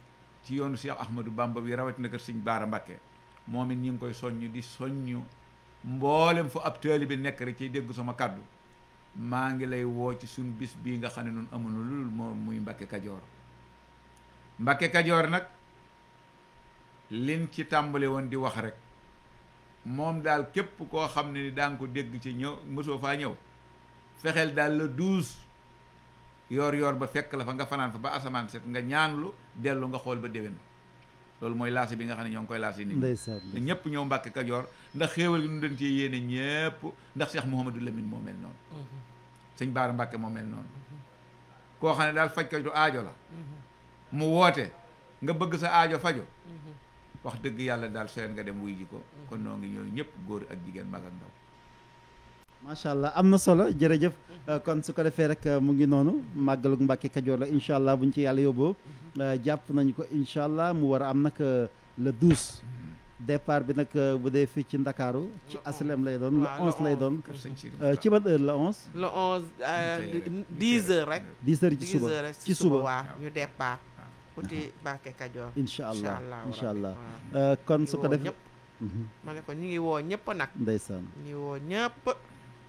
B: ci yoonu Cheikh Ahmadou Bamba bi rawatina kër sëñ Baara Mbakke moom it ñu ngi koy soññ di soññ mboolem fu ab taalibe bi nekk rek ciy déggu sama kàddu maa ngi lay woo ci suñ bis bii nga xam ne noonu amuñu lu dul moom muy Mbakke Kajoor Mbakke Kajoor nag lin ci tàmbali woon di wax rek moom daal képp koo xam ne ni danga ko dégg ci ñëw mosoo faa ñëw fexeel daal la douze yoor yoor ba fekk la fa nga fanaan fa ba asamaan set nga ñaanlu dellu nga xool ba déwén loolu mooy laasi bi nga xam ne ñoo ngi koy laasi nit ñi ñëpp ñëw Mbàkke Kajoor ndax xéewal gi ñu doon ci yéene ñëpp ndax Cheikh Mouhamadou Lamine moo mel noonu mm-hmm. sëñ Baara Mbàkke moo mel noonu mm-hmm. koo xam ne daal fajkatu aajo la
C: mm-hmm.
B: mu woote nga bëgg sa aajo fajo wax dëgg yàlla daal seen nga dem wuy ji ko mm-hmm. kon noo ngi ñëw ñëpp góor ak jigéen mag ak ndaw
A: macha allah am na solo jërëjëf mm-hmm. kon su ko defee rek mu ngi noonu màggalug Mbàkke Kajoor la incha allah bu buñ ci yàlla yóbboo mm-hmm. euh, jàpp nañu ko incha allah mu war a am nag euh, le douze départ bi nag euh, bu dee fii ci Ndakaaru ci aslem lay doon le onze lay doon ci ban heure la onze
D: le onze dix heures rek dix heures ci suba ci suba waaw ñu départ uti Mbàkke Kajoor incha allah incha allah euh, kon su ko def mhm. ma ne ko ñu ngi woo ñëpp nag ndeysaan ñu ngi woo ñëpp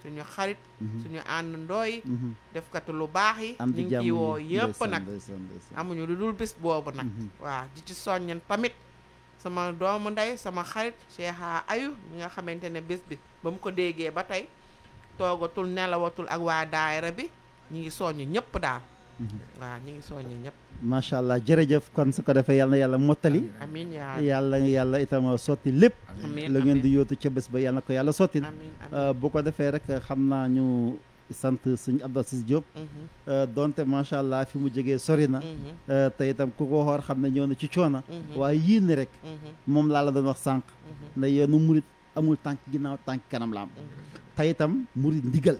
D: suñu xarit mhm. suñu àndandoo yi mhm. defkatu lu baax yi ñu ngi ciy woo yëpp nag amuñu lu dul bis boobu nag waa di ci soññen tamit sama doomu ndey sama xarit Cheikha Ayu mi nga xamante ne bis bi ba mu ko déggee ba tey toogatul nelawatul ak waa daayira bi ñu ngi soññ ñëpp daal Mm-hmm. waaw ñu ngi soññi ñëpp.
A: macha kon su ko defee yal na yàlla mottali.
D: amiin yàlla
A: yàlla itam sotti lépp. la ngeen di yóotu ca bés ba yal na ko yàlla sotti. Euh, boo ko defee rek xam naa ñu. sant suñ Abdou Aziz Diop mm-hmm. euh, donte macha allah fi mu jógee sori na mm-hmm. euh, te itam ku ko xoor xam ne ñëw na ci coona waaye yii ni rek moom laa la doon wax sànq ne yoonu murit amul tànk ginnaaw tànk kanam la am te itam murit ndigal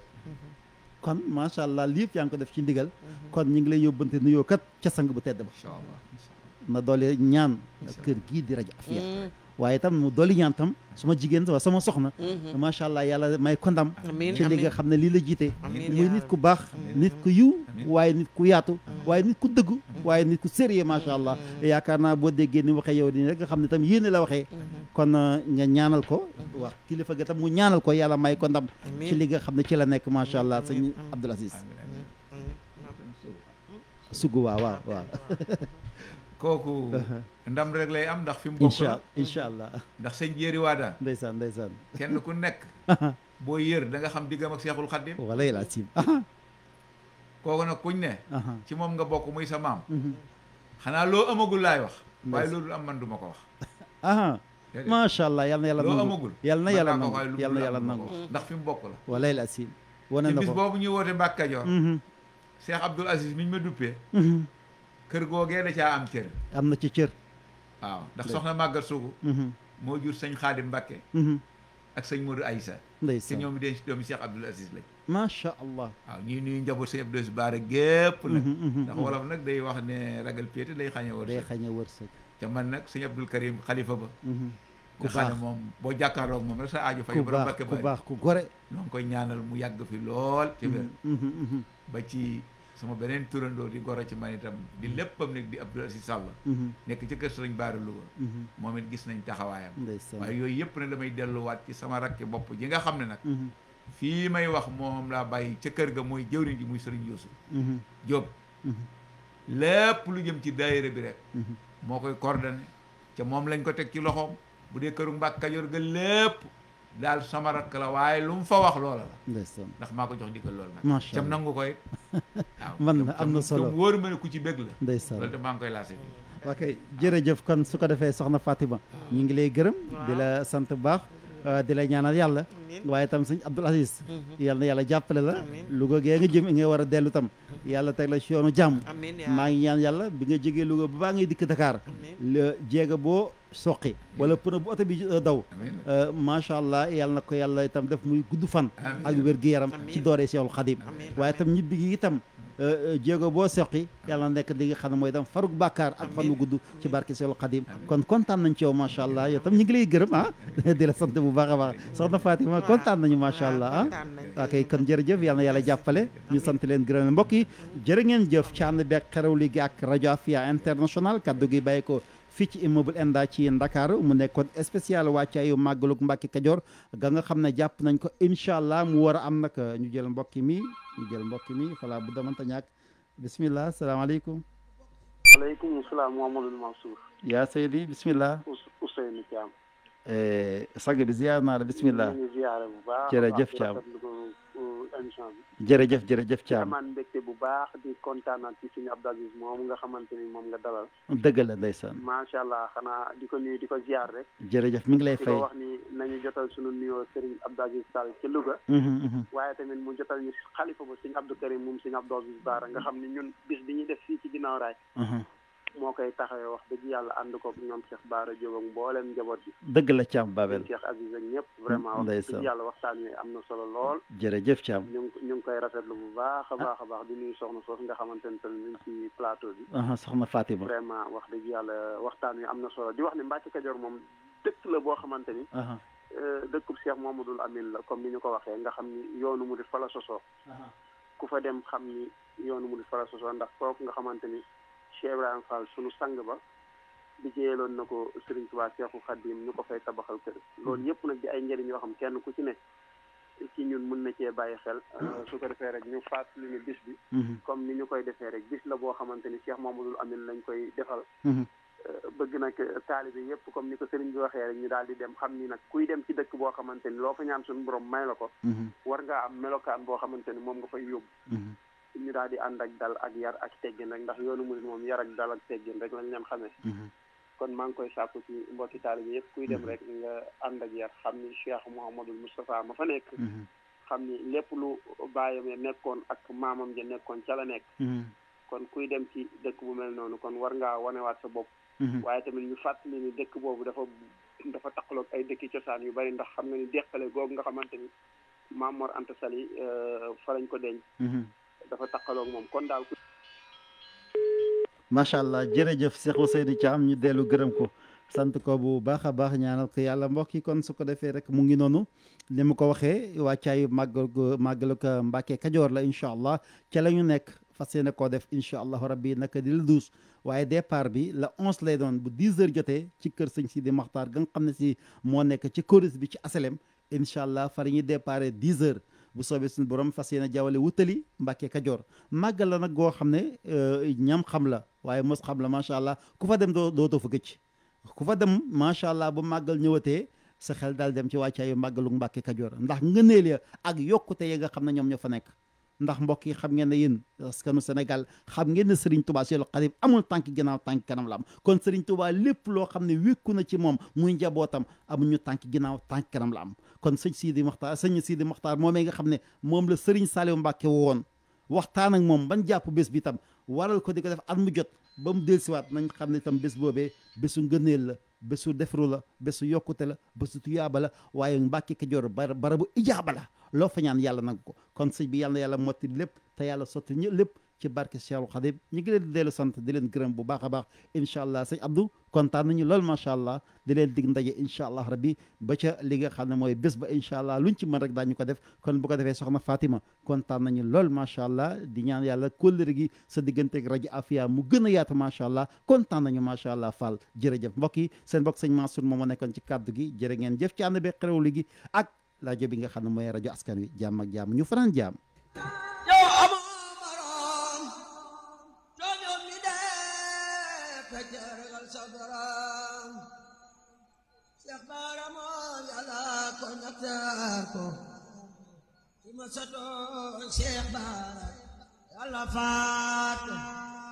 A: kon macha allah lii yëpp yaa ngi ko def ci ndigal mhm. kon ñu ngi lay yóbbante nuyoo kat ca sang ba na doole ñaan kër gii di waaye tam mu dolli ñaantam suma jigéen wa sama soxna mm-hmm. macha allah yàlla may ko ndam ci li nga xam ne lii la jiite muy nit ku baax nit ku yiw waaye nit ku yaatu waaye nit ku dëgg mm-hmm. waaye nit ku sérieux macha allah mm-hmm. yaakaar naa boo déggee ni waxee yow nii rek nga xam ne tam yéene la waxee kon uh, nga ñaanal ko wax kilifa ga tam mu ñaanal ko yàlla may ko ndam ci li nga xam ne ci la nekk macha allah sëñ Abdoul Aziz
B: kooku uh-huh. ndam rek lay am ndax fi mu bokk la incha ndax sëñ jéeri waa daan ndeysaan ndeysaan kenn ku nekk uh-huh. boo yër da nga xam diggam ak seexul xaddim
A: walay laa sim
B: uh-huh. kooku nag kuñ ne ci moom nga bokk muy sa maam xanaa loo amagul laay wax waaye loolu am man du ko wax
A: aa macha allah yal na yàlla nangu na yàlla na
B: ndax fi mu bokk la
A: walay laa sim wane na ko boobu
B: ñuy woote Mbàkke Kajoor Cheikh Abdoul Aziz ma duppee kër googee da caa am cër am na ci cër waaw ndax soxna màggat sugu mhm. moo jur sëñ xaadim mbàkke mhm. ak sëñ Modou Aïssa te ñoom den doomi Cheikh Abdoul Aziz lañ macha allah waaw ñii nuyu njaboot sëñ Abdoul Aziz Baare gépp nag mhm, ndax wolof nag day wax ne ragal péete day xañe wërsëg day xañe wërsëg te man nag sëñ Abdoul Karim xalifa ba ku baax moom boo jàkkaarloog moom rek sa aajo fay borom Mbàkke ku baax ku gore ñoo koy ñaanal mu yàgg fi lool ci wér ba ci sama beneen turandoo di goro ci man itam di mm-hmm. léppam nag di Abdou Aziz Sall mm-hmm. nekk ci kër Sëriñ Baara Louga mm-hmm. moom it gis nañ taxawaayam waaye yooyu yëpp ne damay delluwaat ci sama rakki bopp ji nga xam ne nag fii may wax moom laa bàyyi ca kër ga mooy jëwriñ ji muy Sëriñ Youssou Diop lépp lu jëm ci daayira bi rek moo koy coordonné ca moom lañ ko teg ci loxoom bu dee këru Mbàkke Kajoor ga lépp daal sama rakk la waaye lu mu fa wax loola la ndax maa ko jox ndigal loolu nag cam nangu koy waaw man na am na solo wóoru ma ne ku ci bég la ndeysaan maa ngi koy laase bi ok
A: jërëjëf kon su ko defee soxna Fatima ah. ñu ngi lay gërëm di sant baax Euh, di la ñaanal yàlla waaye tam sëñ Abdoul Aziz mhm. yàlla na yàlla jàppale la Louga gee nga jëm nga war a dellu tam yàlla teg la ci yoonu jàmm maa ngi ñaan yàlla bi nga jógee Louga ba baa ngay dikk Dakar jéega boo soqi wala pneu bu oto bi daw euh, macha allah yàlla na ko yàlla def muy gudd fan ak wér yaram ci dooree Seexul Xadim waaye tam ñibbi gi jéego euh, euh, boo soqi yàlla nekk li nga xam ne mooy dam farug bàkkaar ak fan wu ci barke Seexul Xadim kon kontaan nañ ci yow macha allah yow tam ñu gërëm ah di la bu baax a baax soxna Fatima ah, kontaan nañu macha allah ah waa kay kon jërëjëf yàlla na yàlla jàppale ñu sant leen gërëm mbokk yi jërë ngeen jëf ci ànd beeg xerawli gi ak rajo Afia international kaddu gi bàyyi ko fii ci immeuble Enda ci Ndakaar mu nekkoon spécial wàccaayu màggalug Mbàkke Kajoor ga nga xam ne jàpp nañ ko incha allah mu war a am nag ñu jël mbokki mi ñu jël mbokki mi voilà bu damanta ñàkk bismillah salaamaaleykum
E: aleykum salaam Mouhamadou Mansour bismillah Ousseynou Thiam
A: eh, sang
E: émission bi.
A: jërëjëf jërëjëf Thiam amaan
E: mbégte bu baax di kontaanaat ci suñu Abdou Aziz moom nga xamante ni moom nga dalal.
A: dëgg la ndeysaan.
E: macha allah xanaa di ko nuyu di ko ziar rek.
A: jërëjëf mi ngi lay fay wax
E: ni nañu jotal suñu nuyoo Serigne Abdou Aziz Sall ci Louga. Mhm, mhm. waaye tamit mu jotal ni xalifa ba suñu Abdou Karim moom suñu Abdou Aziz Baara nga xam ni ñun bis bi ñuy def fii ci ginnaaw raay. Mhm. moo koy taxawee wax dëgg yàlla ànd ko ñoom Cheikh Baara Diop ak mboolem njaboot bi.
A: dëgg la Thiam Babel Cheikh
E: Aziz ak ñëpp. vraiment wax dëgg yàlla waxtaan wi am na solo a ah. a baax di nuyu soxna soos nga xamante ne tamit ñu ci plateau bi. soxna Fatima vraiment wax dëgg yàlla Kajoor moom dëkk la boo xamante ni. Euh, dëkkub Cheikh Mamadou Amine la comme ni ñu ko waxee nga xam ni yoonu mu di fa la sosoo. ku fa dem xam ni yoonu mu di fa la sosoo ndax foofu nga xamante Cheikh Ibrahima Fall sunu sang ba liggéeyaloon na ko Serigne Touba Cheikhul Khadim ñu ko fay tabaxal kër mhm. loolu yëpp nag di ay njëriñ yoo xam kenn ku ci ne ci ñun mun na cee bàyyi xel mhm. euh, su ko defee rek ñu faat li ñu bis bi mhm. comme ni ñu koy defee rek bis la boo xamante ni Cheikh Mamadou Amine lañ koy defal euh, bëgg nag taalibe yëpp comme ni ko sëriñ bi waxee rek ñu daal di dem xam ni nag kuy dem ci dëkk boo xamante ni loo fa ñaan suñu borom may la ko war ngaa am melokaan boo xamante ni moom nga fay yóbbu ñu daal di ànd ak dal ak yar ak teggin rek ndax yoonu murid moom yar ak dal ak teggin rek lañ leen mhm. kon maa ngi koy sàkku ci mbokki taalibe yëpp kuy dem mhm. rek nga ànd ak yar xam ni Cheikh Mouhamadul Moustapha ma fa nekk mhm. xam ni lépp lu baayam ya nekkoon ak maamam ja nekkoon ca la nekk kon kuy dem ci dëkk bu mel noonu kon war ngaa wanewaat sa bopp waaye tamit ñu fàttali ni dëkk boobu dafa dafa taqaloog ay dëkki cosaan yu bari ndax xam ne ni deqale googu nga xamante ni Maam Mor Anta Sali euh, fa lañ ko denc dafa taqaloog moom kon daal.
A: macha allah jërëjëf Cheikh Ousseynou Thiam ñu dellu gërëm ko sant ko bu baax a baax ñaanal ko yàlla mbokk yi kon su ko defee rek mu ngi noonu ni mu ko waxee wàccaayu màgg màggalu ko Mbàkke Kajoor la incha allah ca la ñu nekk fas yéene koo def incha allah rabbi naka di la duus waaye départ bi la onze lay doon bu 10 heures jotee ci kër sëñ si di maxtaar ga nga xam ne si moo nekk ci chorus bi ci asalem incha allah far ñuy départ 10 heures bu soobee suñu borom fas yéene jawale wutali mbakee Kajoor màggal la nag goo xam ne euh, ñam xam la waaye mos xam la macha allah ku fa dem doo dootoo fa gëcc ku fa dem macha allah bu màggal ñëwatee sa xel daal dem ci wàccaayu màggalu Mbàkke Kajoor ndax ngëneel ya ak yokkute ya nga xam ne ñoom ñoo fa nekk ndax mbokk yi xam ngeen ne yéen askanu Sénégal xam ngeen ne Serigne Touba Seydou Khadim amul tànk ginnaaw tànk kanam kon Serigne lépp loo xam ne wékku na ci moom muy njabootam amuñu tànk ginnaaw tànk kanam la am kon sëñ Sidi Moxtaar sëñ Sidi Moxtaar moomee nga xam ne moom la Serigne Saliou Mbacke woon waxtaan ak moom ban jàpp bés bi tam waral ko di ko def at mu jot ba mu dellusiwaat nañ xam ne tam bés boobee bésu ngëneel la bésu defaru la bésu yokkute la bésu tuyaaba la waaye Mbacke Kajoor barabu ijaaba la loo fa ñaan yàlla nag ko kon sëñ bi yàlla na yàlla motti lépp te yàlla sotti ñë lépp ci barke Cheikhul Khadim ñu ngi leen di dellu sant di leen gërëm bu baax a baax incha allah sëñ Abdou kontaan nañu lool macha allah di leen digg ndaje incha allah rabbi ba ca li nga xam ne mooy bés ba incha allah luñ ci man mën rek ñu ko def kon bu ko defee soxna faatima kontaan nañu lool macha allah di ñaan yàlla kóllëre gi sa digganteeg rajo Afia mu gën a yaatu macha allah kontaan nañu macha allah Fall jërëjëf mbokk yi seen mbokk sëñ Mansour moom moo nekkoon ci kàddu gi jërë ngeen jëf ci ànd bi xerewlu gi ak rajo bi nga xam ne mooy rajo askan wi jàmm ak jàmm ñu fanaan jàmm
C: waxtaar ko ku ma sa doon Cheikh Bara Yàlla faat ko